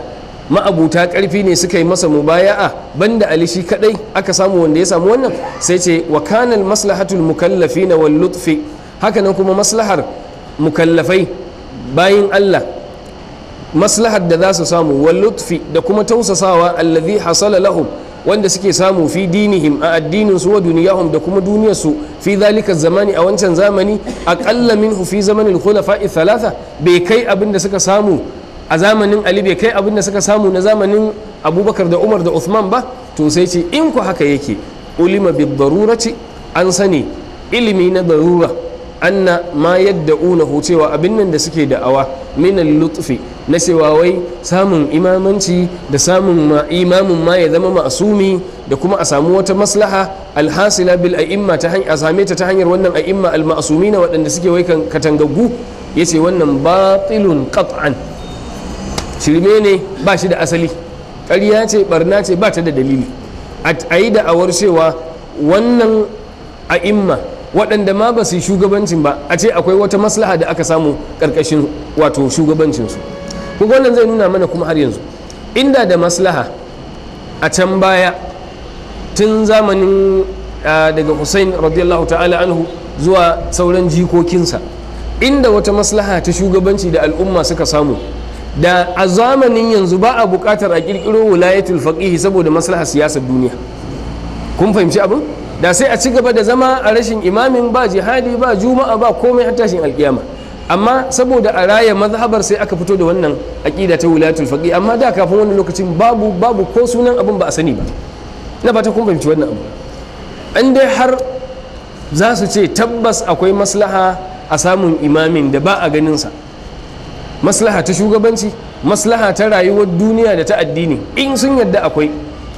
ma'abuta ƙarfi ne suka yi masa mubaya'a banda ali shi kadai aka samu wanda ya samu wannan sai ce wa kanal maslahatul mukallafina wal lutfi hakanan kuma maslahar mukallafai bayin Allah maslahar da za su samu wal lutfi da kuma tausasawa allazi hasala lahum wanda suke samu fi dinihim a addinin su wa duniyahum da kuma duniyar su fi zalika zamani a wancan zamani aqalla minhu fi zamanin khulafa'i thalatha bai kai abin da suka samu a zamanin ali bai kai abin da suka samu na zamanin abubakar da umar da uthman ba to sai ce in ku haka yake ulima bi darurati an sani ilimi na darura anna ma yadda una cewa abin nan da suke da'awa min lutfi na cewa wai samun imamanci da samun imamun ma ya zama ma'asumi da kuma a samu wata maslaha alhasila bil a'imma ta hanyar a same ta ta hanyar wannan a'imma al na waɗanda suke wai katangaggu yace wannan batilun qat'an shirme ne ba shi da asali ƙarya ce barna ce ba ta da dalili a yi da'awar cewa wannan a'imma waɗanda ma ba su shugabancin ba a ce akwai wata maslaha da aka samu ƙarƙashin wato shugabancinsu ko wannan zai nuna mana kuma har yanzu inda da maslaha a can baya tun zamanin daga hussain radiyallahu ta'ala anhu zuwa sauran jikokinsa inda wata maslaha ta shugabanci da al'umma suka samu da a zamanin yanzu ba a buƙatar a ƙirƙiro wulayatul faƙihi saboda maslaha siyasar duniya kun fahimci abin da sai a ci gaba da zama a rashin imamin ba jihadi ba juma'a ba komai har tashin alkiyama amma saboda a raya mazhabar sai aka fito da wannan aƙida ta wilayatul faqi amma da kafin wannan lokacin babu babu ko sunan abin ba a sani ba na fata kun fahimci wannan abu an dai har za su ce tabbas akwai maslaha a samun imamin da ba a ganin sa maslaha ta shugabanci maslaha ta rayuwar duniya da ta addini in sun yadda akwai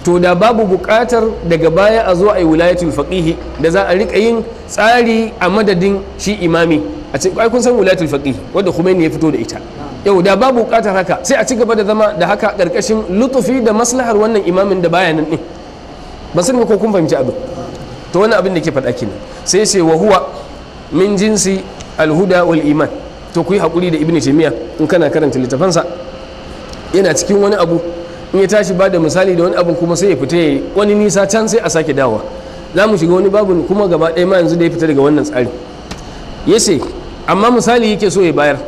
to da babu buƙatar daga baya a zo a yi wilayatul faqihi da za a rika yin tsari a madadin shi imami a ce ai kun san wilayatul faqihi wanda Khomeini ya fito da ita yau da babu buƙatar haka sai a ci gaba da zama da haka ƙarƙashin lutufi da maslahar wannan imamin da baya nan din ba sani ko kun fahimci abin to wani abin da ke faɗa kenan sai ce wa huwa min jinsi alhuda wal iman to ku yi haƙuri da ibnu taymiya in kana karanta littafansa yana cikin wani abu in ya tashi ba da misali da wani abin kuma sai ya fita ya wani nisa can sai a sake dawa za mu shiga wani babu kuma gaba ɗaya ma yanzu da ya fita daga wannan tsari ya ce amma misali yake so ya bayar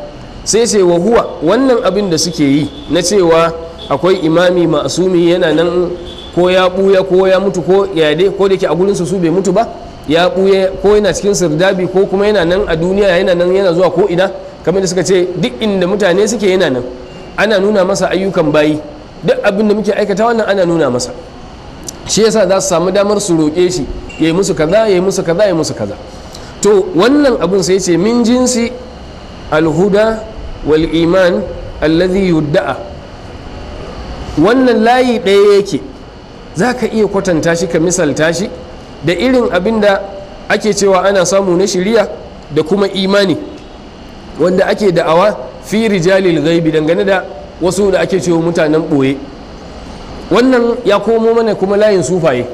sai ce wa huwa wannan abin da suke yi na cewa akwai imami ma'asumi yana nan ko ya buya ko ya mutu ko ya dai ko da ke a gurin su bai mutu ba ya buya ko yana cikin sirdabi ko kuma yana nan a duniya yana nan yana zuwa ko ina kamar da suka ce duk inda mutane suke yana nan ana nuna masa ayyukan bayi duk abin da muke aikata wannan ana nuna masa shi yasa za su samu damar su roƙe shi ya yi musu kaza ya yi musu kaza ya yi musu kaza to wannan abin sai ce min jinsi alhuda wal iman allazi yudda'a wannan layi ɗaya yake za ka iya kwatanta shi ka misalta shi da irin abin da ake cewa ana samu na shiriya da kuma imani wanda ake da'awa fi rijalil ghaibi dangane da wasu da ake cewa mutanen ɓoye wannan ya komo mana kuma layin sufaye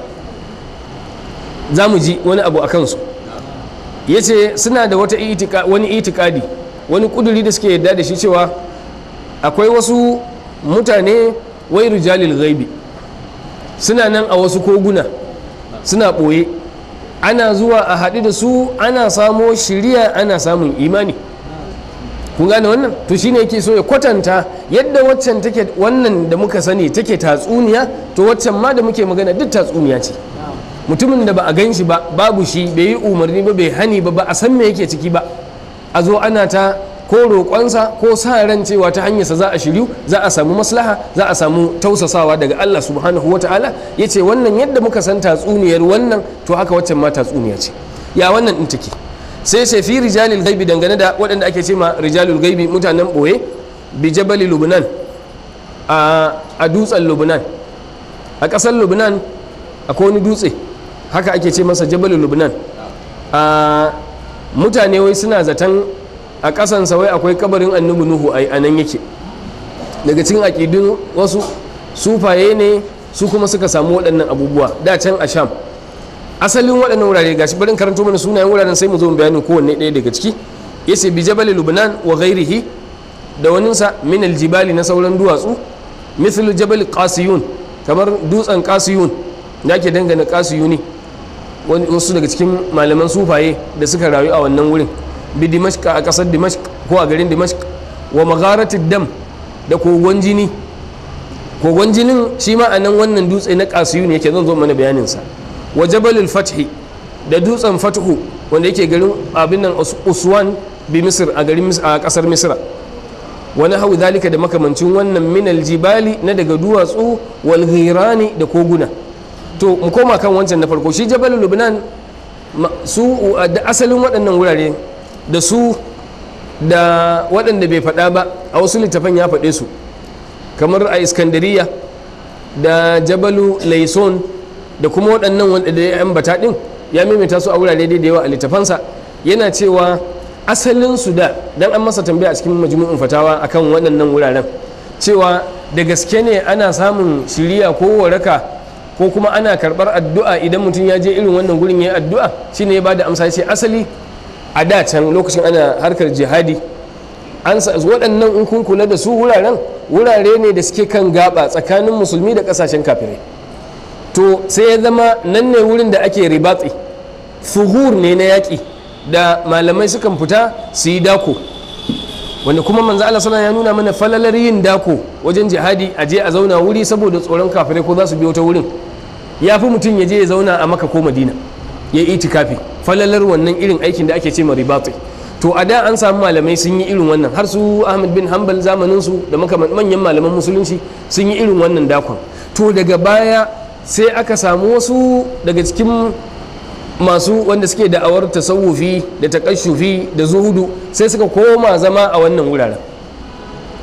za mu ji wani abu a kansu ya ce suna da wani itikadi wani kuduri da suke yadda da shi cewa akwai wasu mutane wai rijalil ghaibi suna nan a wasu koguna suna ɓoye ana zuwa a haɗu da su ana samo shirya ana samun imani kun gane wannan to shine yake so ya kwatanta yadda waccan take wannan da muka sani take tatsuniya to waccan ma da muke magana duk tatsuniya ce mutumin da ba a gan shi ba babu shi bai yi umarni ba bai hani ba ba a san me yake ciki ba a zo ana ta ko roƙonsa ko sa ran cewa ta hanyarsa za a shiryu za a samu maslaha za a samu tausasawa daga Allah subhanahu wata'ala ya ce wannan yadda muka san tatsuniyar wannan to haka waccan ma tatsuniya ce ya wannan in take sai sai fi rijalil gaibi dangane da waɗanda ake ce ma rijalul gaibi mutanen ɓoye bijabali a dutsen lubnan a ƙasar lubnan akwai wani dutse haka ake ce masa jabali lubnan a mutane wai suna zaton a ƙasansa wai akwai kabarin annubu nuhu a nan yake daga cikin aƙidun wasu sufaye ne su kuma suka samu waɗannan abubuwa da can a sham asalin waɗannan wurare gashi barin karanto mana sunayen wuraren sai mu zo mu bayanin kowanne ɗaya daga ciki yace bi jabal lubnan wa ghairihi da waninsa min aljibali na sauran duwatsu mithlu jabal qasiyun kamar dutsen qasiyun da dangane dangana qasiyuni wasu daga cikin malaman sufaye da suka rayu a wannan wurin bi dimashq a kasar dimashq ko a garin dimashq wa magharatid dam da kogon jini kogon jinin shi ma a nan wannan dutse na qasiyun yake zan zo mana bayanin sa wa jabal fathi da dutsen fathu wanda yake garin abin nan uswan bi misir a garin a kasar misra wani hau zalika da makamancin wannan minal jibali na daga duwatsu wal ghirani da koguna to mu koma kan wancan na farko shi jabal lubnan su da asalin waɗannan wurare da su da waɗanda bai faɗa ba a wasu littafan ya faɗe su kamar a iskandariya da jabalu laison da kuma waɗannan wanda da ya ambata ɗin ya maimaita su a wurare da yawa a littafansa yana cewa asalin su da dan an masa tambaya a cikin majmu'un fatawa akan waɗannan wuraren cewa da gaske ne ana samun shiriya ko waraka ko kuma ana karɓar addu'a idan mutum ya je irin wannan gurin ya addu'a shine ya bada amsa ce asali a da can lokacin ana harkar jihadi an waɗannan in kun kula da su wuraren wurare ne da suke kan gaba tsakanin musulmi da ƙasashen kafirai to sai ya zama nan ne wurin da ake ribatsi suhur ne na yaƙi da malamai sukan fita su yi dako wanda kuma manzo Allah sallallahu ya nuna mana falalar yin dako wajen jihadi a je a zauna wuri saboda tsoron kafirai ko za su biyo ta wurin ya fi mutum ya je ya zauna a maka ko madina ya yi itikafi falalar wannan irin aikin da ake ce ma ribati to a da an samu malamai sun yi irin wannan har su ahmad bin hanbal zamanin su da manyan malaman musulunci sun yi irin wannan dakon to daga baya sai aka samu wasu daga cikin masu wanda suke da'awar tasawufi da takashufi da zuhudu sai suka koma zama a wannan wuraren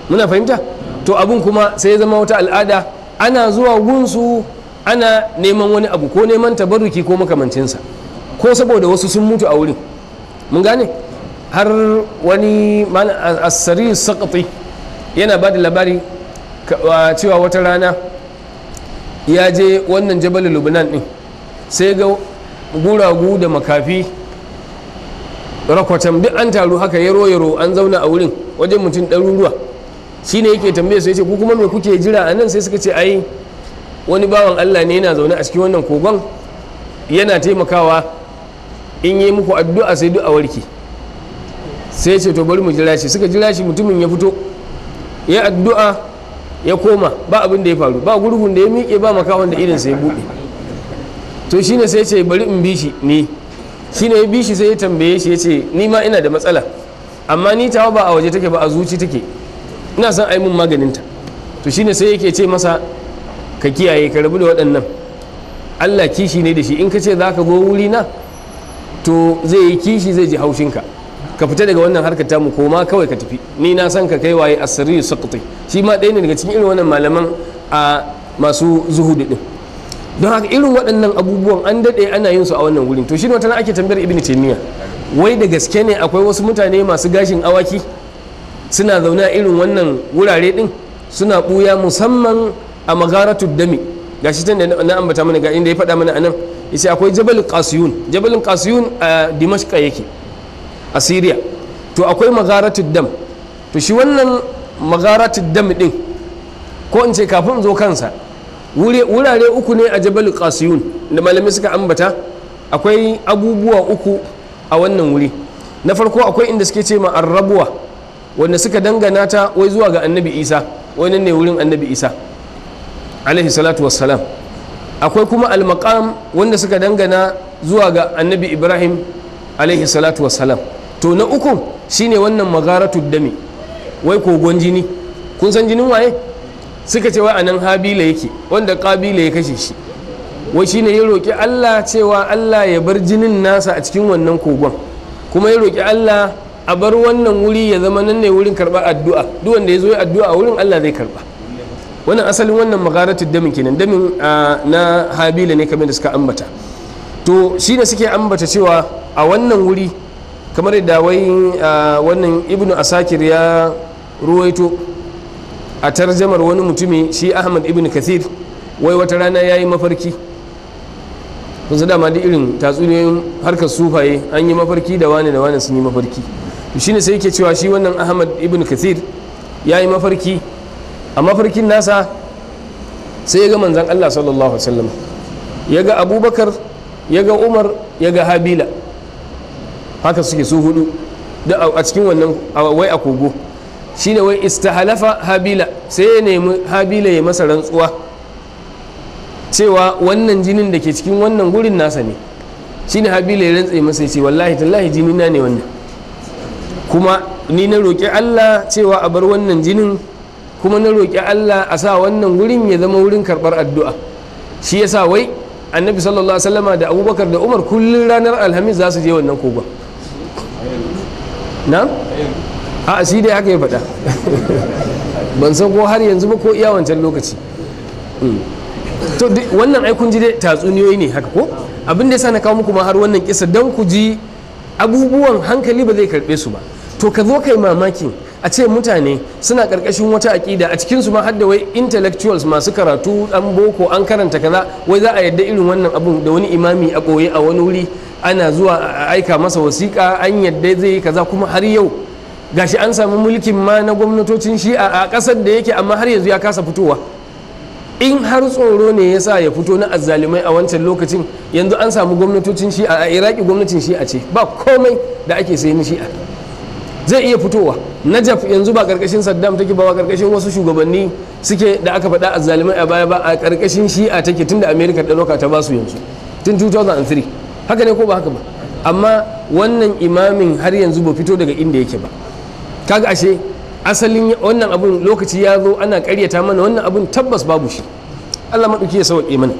muna fahimta to abin kuma sai zama wata al'ada ana zuwa gunsu ana neman wani abu ko neman tabaruki ko makamancinsa ko saboda wasu sun mutu a wurin mun gane har wani asari sakati yana ba da labari cewa wata rana ya je wannan jabal lubnan din sai ga guragu da makafi rakwatan duk an taru haka yaro yaro an zauna a wurin wajen mutum ɗaruruwa shi ne yake tambaye su yace ku kuma me kuke jira a nan sai suka ce ai wani bawan Allah ne yana zaune a cikin wannan kogon yana taimakawa in yi muku addu'a sai duk a warke sai ce to bari mu jira shi suka jira shi mutumin ya fito ya addu'a ya koma ba abin da ya faru ba gurgun da ya miƙe ba makawan da irin sai buɗe to shine sai ce bari in bi shi ni shine ya bi shi sai ya tambaye shi ya ce ni ma ina da matsala amma ni tawa ba a waje take ba a zuci take ina son a mun maganinta to shine sai yake ce masa ka kiyaye ka rabu da waɗannan allah kishi ne da shi in ka ce za ka go wuri na to zai yi kishi zai ji haushin ka ka fita daga wannan harkar tamu ma kawai ka tafi ni na san ka kai waye asiri saqti shi ma ɗaya ne daga cikin irin wannan malaman a masu zuhudu din don haka irin waɗannan abubuwan an daɗe ana yin su a wannan wurin to shi ne wata ake tambayar ibn taymiya wai da gaske ne akwai wasu mutane masu gashin awaki suna zaune a irin wannan wurare din suna ɓuya musamman a magaratu dami shi tun da na ambata mana ga inda ya faɗa mana a nan yace akwai jabalin kasuyun jabalin kasuyun a dimashka yake a syria to akwai magaratu dam to shi wannan magaratu dam din ko in ce kafin zo kansa wurare uku ne a jabal qasiyun da malami suka ambata akwai abubuwa uku a wannan wuri na farko akwai inda suke ce ma arrabuwa wanda suka dangana ta wai zuwa ga annabi isa wani ne wurin annabi isa alaihi salatu wassalam akwai kuma almaqam wanda suka dangana zuwa ga annabi ibrahim alaihi salatu wassalam to na uku shine wannan magaratu dami wai kogon jini kun san jinin waye suka cewa a nan habila yake wanda kabila ya kashe shi wai shine ya roki Allah cewa Allah ya bar jinin nasa a cikin wannan kogon kuma ya roki Allah a bar wannan wuri ya zama nan ne wurin karba addu'a duk wanda ya zo addu'a a wurin Allah zai karba wannan asalin wannan magharatu damin kenan damin na habila ne kamar da suka ambata to shine suke ambata cewa a wannan wuri kamar da wai wannan ibnu asakir ya ruwaito a tarjamar wani mutumi shi ahmad ibn kathir wai wata rana ya yi mafarki kusa dama da irin tatsuniyoyin harkar sufaye an yi mafarki da wani da wani sun yi mafarki shi ne sai ke cewa shi wannan ahmad ibn kathir ya yi mafarki a mafarkin nasa sai ya ga manzan allah sallallahu alaihi wasallam ya ga abubakar ya ga umar ya ga habila haka suke su hudu a cikin wannan wai a kogo shi ne wai istahalafa habila sai ya nemi habila ya masa rantsuwa cewa wannan jinin da ke cikin wannan gurin nasa ne shi ne habila ya rantsa masa ya ce wallahi tallahi jini na ne wannan kuma ni na roƙi Allah cewa a bar wannan jinin kuma na roƙi Allah a sa wannan gurin ya zama wurin karɓar addu'a shi ya sa wai annabi sallallahu alaihi wasallama da abubakar da umar kullum ranar alhamis za su je wannan kogon na a shi dai haka ya faɗa ban san ko har yanzu ba ko iya wancan lokaci hmm. to wannan ai kun ji dai tatsuniyoyi ne haka ko abin da yasa na kawo muku ma har wannan kisa dan ku ji abubuwan hankali ba zai karbe su ba to ka zo kai mamakin a ce mutane suna karkashin wata aƙida a cikinsu ma har da wai intellectuals masu karatu dan boko an karanta kaza wai za a yadda irin wannan abun da wani imami a ɓoye a wani wuri ana zuwa a aika masa wasiƙa an yadda zai yi kaza kuma har yau gashi an samu mulkin ma na gwamnatocin shi'a a kasar da yake amma har yanzu ya kasa fitowa in har tsoro ne ya sa ya fito na azzalumai a wancan lokacin yanzu an samu gwamnatocin shi'a a iraki gwamnatin shi'a ce ba komai da ake sayi na shi'a zai iya fitowa najaf yanzu ba karkashin saddam take ba karkashin wasu shugabanni suke da aka faɗa azzalumai a baya ba a karkashin shi'a take tunda america ta ɗauka ta basu yanzu tun 2003 haka ne ko ba haka ba amma wannan imamin har yanzu ba fito daga inda yake ba kaga ashe asalin wannan abun lokaci ya zo ana karyata mana wannan abun tabbas babu shi Allah maɗauki ya sauƙe mana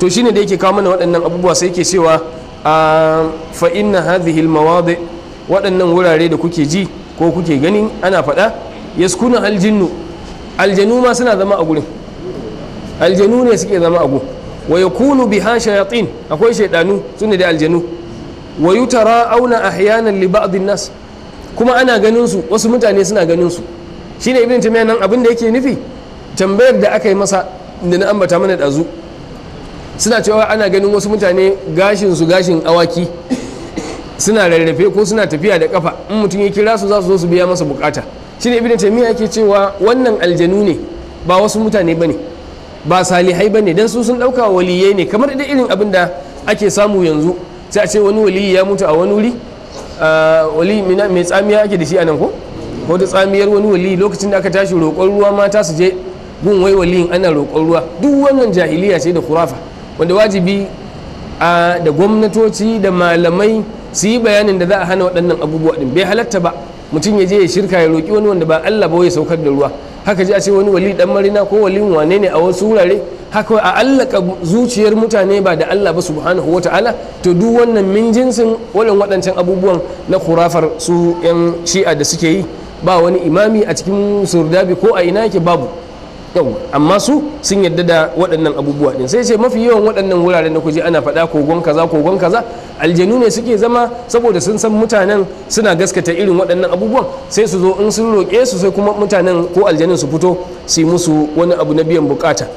to shine da yake kawo mana waɗannan abubuwa sai ke cewa ah, fa inna hadhihi almawadi waɗannan wurare da kuke ji ko kuke ganin ana faɗa yaskuna aljinnu aljanu ma suna zama a gurin aljanu ne suke zama a gurin wa yakunu biha shayatin akwai shaydanu sune da aljanu wa yutara auna ahyanan li nas kuma ana ganin su wasu mutane suna ganin su shine ibn tamiya nan abin da yake nufi tambayar da aka yi masa da na ambata mana ɗazu suna cewa ana ganin wasu mutane gashin su gashin awaki suna rarrafe ko suna tafiya da kafa in mutum ya kira su za su zo su biya masa bukata shine ibn tamiya yake cewa wannan aljanu ne ba wasu mutane bane ba salihai bane dan su sun dauka waliyai ne kamar da irin abin da ake samu yanzu sai a ce wani waliyi ya mutu a wani wuri Eh, wali mai tsamiya ake da shi a nan ko ko wata tsamiyar wani wali lokacin da aka tashi roƙon ruwa mata su je gun wai waliyin ana roƙon ruwa duk wannan jahiliya ce da kurafa wanda wajibi da gwamnatoci da malamai su yi bayanin da za a hana waɗannan abubuwa din bai halatta ba mutum ya je ya shirka ya roƙi wani wanda ba Allah ba ya saukar da ruwa haka ji a ce wani wali dan marina ko walin wane ne a wasu wurare haka a allaka zuciyar mutane ba da Allah ba subhanahu ta'ala to duk wannan min jinsin wadan waɗancan abubuwan na kurafar su yan shi'a da suke yi ba wani imami a cikin surdabi ko a ina yake babu yau amma su sun yadda da waɗannan abubuwa ɗin sai ce mafi yawan waɗannan wuraren da kuje ana faɗa kogon kaza kogon kaza aljanu ne suke zama saboda sun san mutanen suna gaskata irin waɗannan abubuwan sai su zo in sun roƙe su sai kuma mutanen ko aljanun su fito su yi musu wani abu na biyan bukata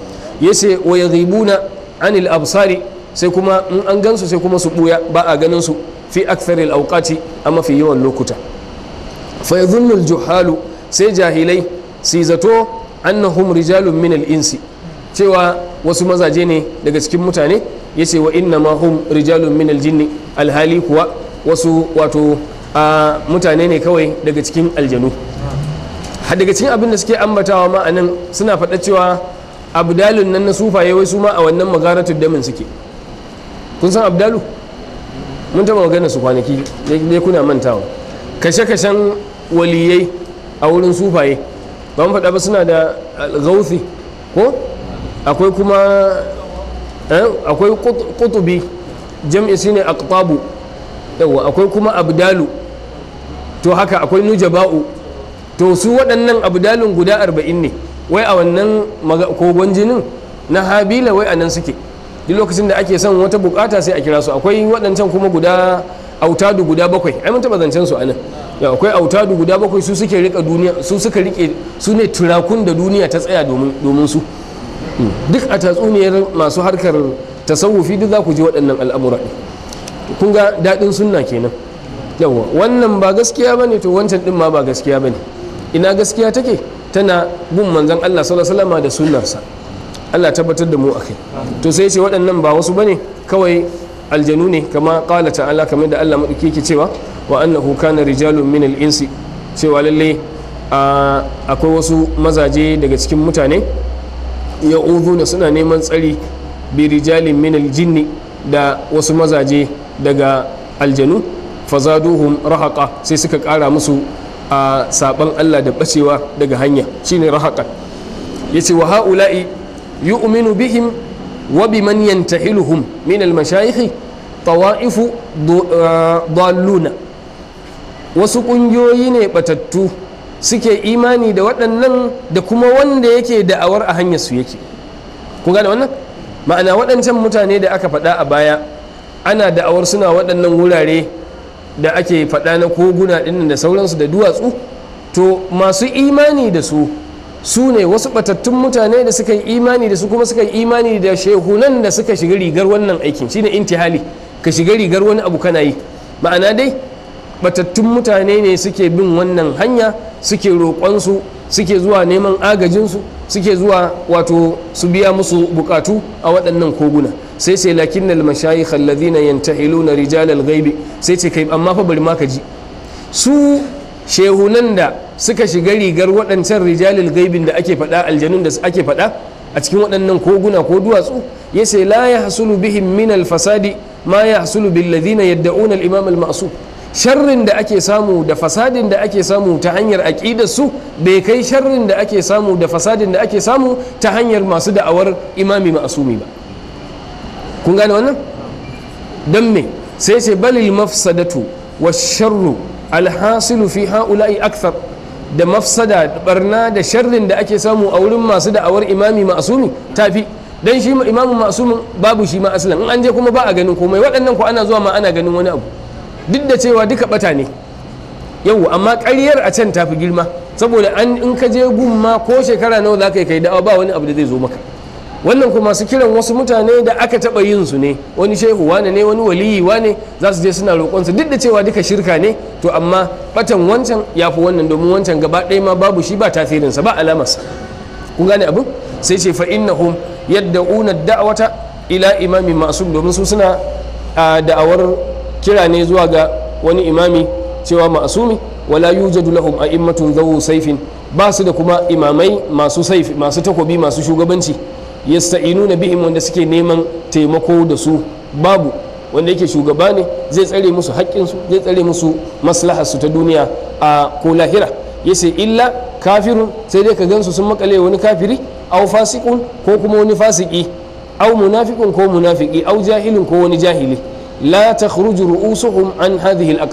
ce wa ribuna anil absari sai kuma in an gansu sai kuma su buya ba a ganin su fi aktharil awqati a mafi yawan lokuta fa juhalu sai jahilai su zato annahum rijalun min al-insi cewa wasu mazaje ne daga cikin mutane yace wa inna ma hum rijalun min al-jinni alhali kuwa wasu wato mutane ne kawai daga cikin aljanu daga cikin abin da suke ambatawa ma anan suna faɗa cewa abdalun nan na sufaye wai su ma a wannan magaratu damin suke kun san abdalu mun taɓa magana su kwanaki dai kuna mantawa kashe-kashen waliyai a wurin sufaye ba mu faɗa ba suna da gauthi ko akwai kuma eh, akwai kutubi jam'i shine aqtabu yawa akwai kuma abdalu to haka akwai nujaba'u to su waɗannan abdalun guda arba'in ne wai a wannan kogon jinin na habila wai a nan suke duk lokacin da ake son wata bukata sai a kira su akwai waɗancan kuma guda autadu guda bakwai ai mun taɓa zancen su a nan ya akwai autadu guda bakwai su suke rika duniya su suka rike su ne turakun da duniya ta tsaya domin su hmm. duk a tatsuniyar masu harkar tasawufi duk za ku ji waɗannan al'amura kun ga daɗin sunna kenan yawa wannan ba gaskiya ba ne to wancan ɗin ma ba gaskiya ba ne ina gaskiya take tana bin manzan allah sallallahu da sunnarsa allah tabbatar da mu a kai to sai ce waɗannan ba wasu ba ne kawai aljanu ne kama ƙala ta'ala kamar da allah maɗauki ke cewa wa'annan annahu kana rijalun minal insi cewa lalle akwai wasu mazaje daga cikin mutane ya'uduna suna neman tsari bi rijalin minal jinni da wasu mazaje daga aljanu fazaduhum rahaqa sai suka kara musu a saban Allah da bacewa daga hanya shine rahaqa yace wa haula'i yu'minu bihim wa man yantahiluhum min al-mashayikh tawa'ifu dalluna wasu ƙungiyoyi ne batattu suke imani da waɗannan da kuma wanda yake da'awar a hanyar su yake kun gane wannan ma'ana waɗancan mutane da aka faɗa a baya ana da'awar suna waɗannan wurare da ake faɗa na koguna ɗin da sauransu da duwatsu to masu imani da su su ne wasu batattun mutane da suka yi imani da su kuma suka yi imani da shehunan da suka shiga rigar wannan aikin shine intihali ka shiga rigar wani abu kana yi ma'ana dai batattun mutane ne suke bin wannan hanya suke roƙonsu suke zuwa neman agajinsu suke zuwa wato su biya musu bukatu a waɗannan koguna sai sai lakin almashayikh alladhina yantahiluna rijal alghaibi sai ce kai amma fa bari ma ka ji su shehunan da suka shiga rigar waɗancan rijalil gaibin da ake faɗa aljanun da ake faɗa a cikin waɗannan koguna ko duwatsu ya ce la ya hasulu bihim min alfasadi ma ya hasulu bil ladina yad'una al-imam al-ma'sum sharrin da ake samu da fasadin da ake samu ta hanyar aƙidar su bai kai sharrin da ake samu da fasadin da ake samu ta hanyar masu da'awar imami ma'asumi ba kun gane wannan don me sai ce balil mafsadatu wa sharru alhasilu fi ha'ula'i akthar da mafsada barna da sharrin da ake samu a wurin masu da'awar imami ma'asumi fi dan shi imamu ma'asumin babu shi ma aslan an je kuma ba a ganin komai waɗannan ko ana zuwa ma ana ganin wani abu duk da cewa duka bata ne yau amma ƙaryar a can tafi girma saboda an in ka je gumma ko shekara nawa za ka yi kai da'awa ba wani abu da zai zo maka wannan kuma masu kiran wasu mutane da aka taɓa yin su ne wani shehu wane ne wani waliyi wane za su je suna su duk da cewa duka shirka ne to amma batan wancan ya fi wannan domin wancan gaba ɗaya ma babu shi ba tasirinsa ba alamas kun gane abin sai ce fa'innahum yadda una da'awata ila imami masu domin su suna da'awar kira ne zuwa ga wani imami cewa ma'asumi wala yujadu lahum a'immatun zawo saifin ba su da kuma imamai masu saifi masu takobi masu shugabanci nuna bihim wanda suke neman taimako da su babu wanda yake shugaba ne zai tsare musu haƙƙinsu zai tsare musu maslaharsu ta duniya a ko lahira yace illa kafirun sai dai ka gansu sun makale wani kafiri au fasikun ko kuma wani fasiki au munafiqun ko munafiki au jahilin ko wani jahili la takhruju ru'usuhum an hadhihi al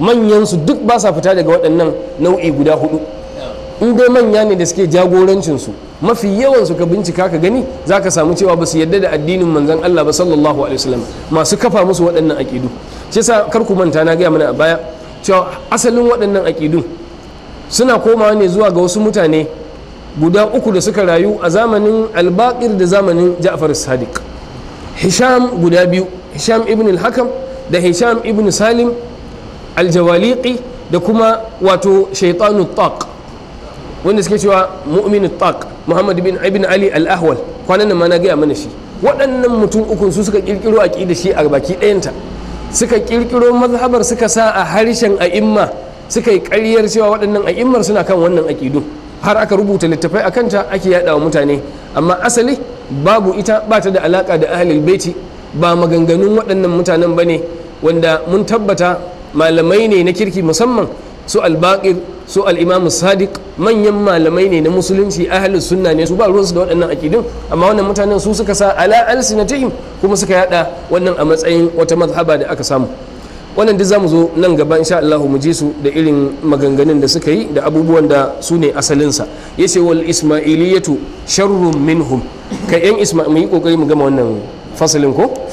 manyan su duk basa fita daga waɗannan nau'i guda hudu in dai manya ne da suke jagorancin su mafi yawan su ka bincika ka gani zaka samu cewa ba su yadda da addinin manzon Allah ba sallallahu alaihi wasallam masu kafa musu waɗannan aqidu shi yasa kar ku manta na gaya mana a baya cewa asalin waɗannan aqidun suna komawa ne zuwa ga wasu mutane guda uku da suka rayu a zamanin albaqir da zamanin ja'far sadiq hisham guda biyu hisham ibn al-hakam da hisham ibn salim aljawaliki da kuma wato shaitanu taq wanda suke cewa mu'minu taq muhammad bin ibn ali al-ahwal kwanan nan ma na gaya mana shi waɗannan mutum ukun su suka kirkiro da shi a baki ɗayanta suka kirkiro mazhabar suka sa a harshen a'imma suka yi ƙaryar cewa waɗannan a'immar suna kan wannan aqidu har aka rubuta littafai a kanta ake yaɗa wa mutane amma asali babu ita ba ta da alaka da ahlul baiti ba maganganun waɗannan mutanen ba ne wanda mun tabbata malamai ne na kirki musamman su albaƙir su al'imamu sadiq manyan malamai ne na musulunci ahalus sunna ne su ba ruwansu da waɗannan akidun amma wannan mutanen su suka sa ala alsinatihim kuma suka yada wannan a matsayin wata mazhaba da aka samu wannan duk zamu zo nan gaba insha Allah mu ji su da irin maganganun da suka yi da abubuwan da su ne sa yace wal ismailiyatu sharrun minhum kai yan isma'il mu yi kokari mu gama wannan fasalin ko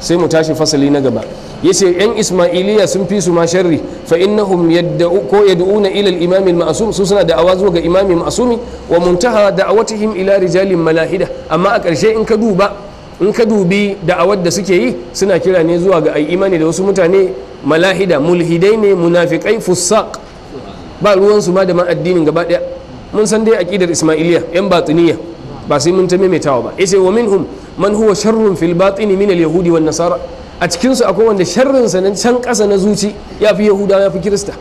sai mu tashi fasali na gaba yace yan ismailiya sun fi su ma sharri fa innahum yad'u ko yad'una ila al-imam al-ma'sum su suna da'awa zuwa ga imami ma'sumi wa muntaha da'awatihim ila rijalin malahida amma a ƙarshe in ka duba in ka dubi da'awar da suke yi suna kira ne zuwa ga imani da wasu mutane malahida mulhidai ne munafiqai fusaq ba ruwan su ma da ma addinin gaba daya mun san dai aqidar ismailiya yan batiniya ba sai mun ta maimaitawa ba yace wa minhum man huwa sharrun fil batini min al yahudi wan nasara a cikin su akwai wanda sharrin sa na can kasa na zuci ya fi yahuda ya fi kirista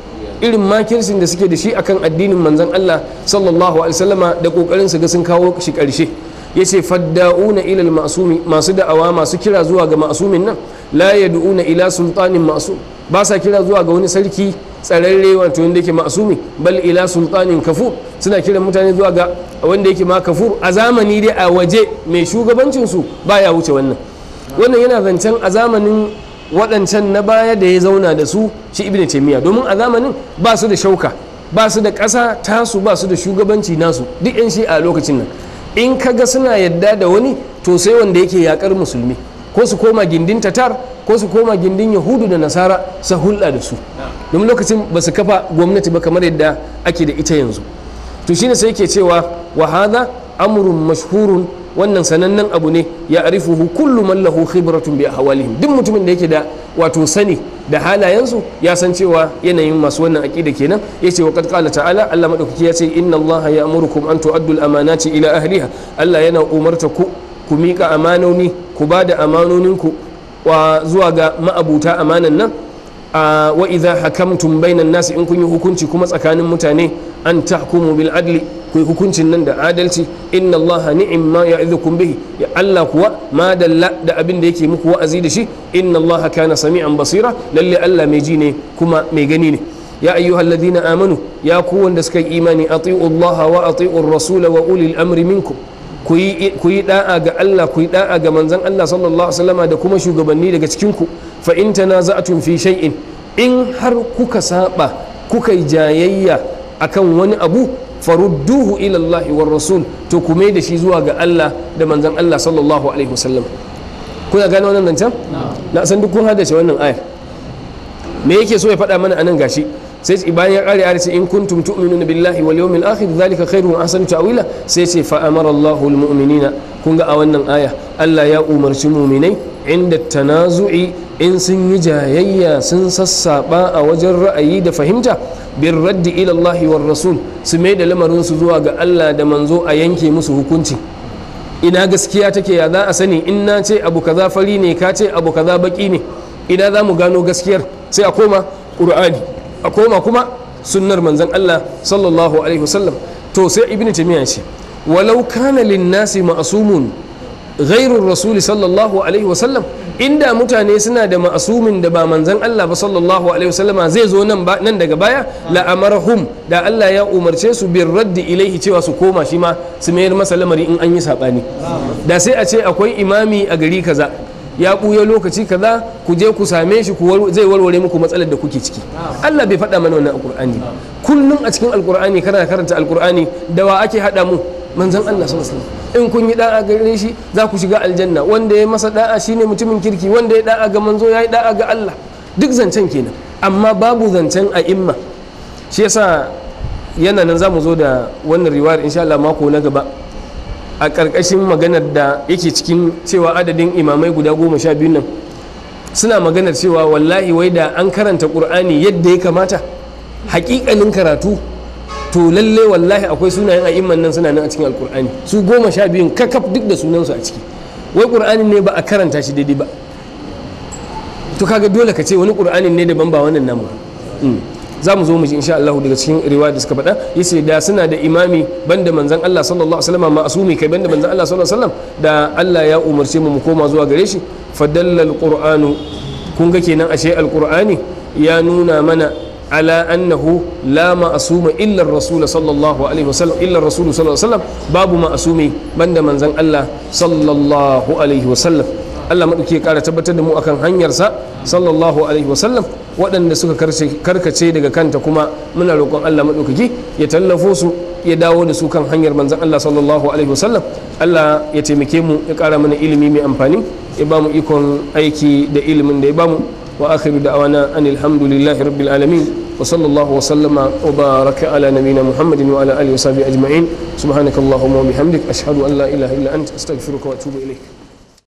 irin makircin da suke da shi akan addinin manzon Allah sallallahu alaihi wasallama da kokarin su ga sun kawo shi karshe yace fadda'una ila al ma'sumi masu da'awa masu kira zuwa ga ma'sumin nan la yad'una ila sultanin ma'sum ba sa kira zuwa ga wani sarki tsararre wato wanda yake masumi bal ila sultanin kafur suna kiran mutane zuwa ga wanda yake ma kafur a zamani dai a waje mai shugabancinsu su ya wuce wannan wannan yana zancen a zamanin waɗancan na baya da ya zauna da su shi ibn taymiya domin a zamanin ba su da shauka ba su da ƙasa tasu ba su da shugabanci nasu duk yan shi a lokacin nan in ka ga suna yadda da wani to sai wanda yake yakar musulmi ko su koma gindin tatar ko su koma gindin yahudu da nasara su hulɗa da su domin lokacin ba su kafa gwamnati ba kamar yadda ake da ita yanzu to shine sai ke cewa wa hadha amrun mashhurun wannan sanannen abu ne ya arifuhu kullu man lahu khibratun bi ahwalihim duk mutumin da yake da wato sani da halayensu ya san cewa yanayin masu wannan aqida kenan yace wa qad qala ta'ala Allah madaukaki ya ce inna Allah ya'murukum an tu'addu al-amanati ila ahliha Allah yana umarta ku ku miƙa amanoni ku ba da amanoninku zuwa ga ma'abuta amanan nan a wa idza hakamtum bainan nasi in kun yi hukunci kuma tsakanin mutane an tahkumu bil adli ku hukuncin nan da adalci inna Allah ni'imma ya'idhukum bihi ya Allah kuwa ma dalla da abin da yake muku wa'azi da shi inna Allah kana sami'an basira lalle Allah mai ji ne kuma mai gani ne ya ayyuhalladhina amanu ya ku wanda suka yi imani ati'u Allah wa ati'u ar-rasul wa ulil amri minkum ku yi da'a ga Allah ku yi da'a ga manzon Allah sallallahu alaihi da kuma shugabanni daga cikin ku fa in tanaza'tum fi shay'in in har kuka saba kuka yi jayayya akan wani abu farudduhu ila Allah war rasul to ku mai da shi zuwa ga Allah da manzon Allah sallallahu alaihi wasallam kuna gane wannan zancen na san duk kun hada wannan ayar me yake so ya faɗa mana anan gashi sai ce bayan ya kare ya ce in kuntum tu'minuna billahi wal yawmil akhir zalika khairu wa ahsanu ta'wila sai ce fa amara Allahu mu'minina kun ga a wannan aya Allah ya umarci mu'minai inda tanazu'i in sun yi jayayya sun sassaba a wajen ra'ayi da fahimta bin raddi ila Allah war rasul su mai da lamarin su zuwa ga Allah da manzo a yanke musu hukunci ina gaskiya take ya za a sani in na ce abu kaza fari ne ka ce abu kaza baki ne ina za mu gano gaskiyar sai a koma qur'ani a koma kuma sunnar manzan Allah sallallahu alaihi wasallam to sai ibnu tamiya ce walau kana lin nasi ma'sumun ghairur rasuli sallallahu alaihi wasallam inda mutane suna da ma'asumin da ba manzan Allah ba sallallahu alaihi wasallama zai zo nan nan daga baya la amarhum da Allah ya umarce su bin raddi ilaihi cewa su koma shi ma su mayar masa lamari in an yi sabani da sai a ce akwai imami a gari kaza ya buya lokaci kaza ku je ku same shi ku zai warware muku matsalar da kuke ciki Allah bai faɗa mana wannan alqur'ani kullum a cikin alqur'ani kana karanta alqur'ani da wa ake hada mu manzon Allah sallallahu alaihi wasallam in kun yi da'a gare shi za ku shiga aljanna wanda ya masa da'a shine mutumin kirki wanda ya da'a ga manzo ya yi da'a ga Allah duk zancen kenan amma babu zancen a imma shi yasa yana nan za mu zo da wannan riwayar insha Allah mako na gaba a ƙarƙashin maganar da yake cikin cewa adadin imamai guda goma sha biyu nan suna maganar cewa wallahi wai da an karanta ƙur'ani yadda ya kamata haƙiƙanin karatu to lalle wallahi akwai sunayen a'imman nan suna nan a cikin alƙur'ani su goma sha biyun kakaf duk da sunansu a ciki wai ƙur'ani ne ba a karanta shi daidai ba to kaga dole ka ce wani ƙur'ani ne daban ba wannan namu hmm. za mu zo mu ji insha Allah daga cikin riwaya da suka faɗa yace da suna da imami banda manzon Allah sallallahu alaihi wasallam ma'asumi kai banda manzon Allah sallallahu alaihi wasallam da Allah ya umarce mu mu koma zuwa gare shi fadalla alqur'anu kun ga kenan ashe alqur'ani ya nuna mana ala annahu la ma'asuma illa rasul sallallahu alaihi wasallam illa rasul sallallahu alaihi wasallam babu ma'asumi banda manzon Allah sallallahu alaihi wasallam Allah maɗauki ya ƙara tabbatar da mu akan hanyarsa sallallahu alaihi wasallam waɗanda suka karkace daga kanta kuma muna roƙon Allah maɗaukaki ya tallafo su ya dawo da su kan hanyar manzan Allah sallallahu alaihi wasallam Allah ya taimake mu ya ƙara mana ilimi mai amfani ya ba mu ikon aiki da ilimin da ya ba mu wa akhiru da awana hamdulillahi rabbil alamin wa sallallahu wa sallama wa baraka ala nabina muhammadin wa ala alihi wa sahbihi ajma'in subhanakallahumma wa bihamdik ashhadu an la ilaha illa anta astaghfiruka wa atubu ilaik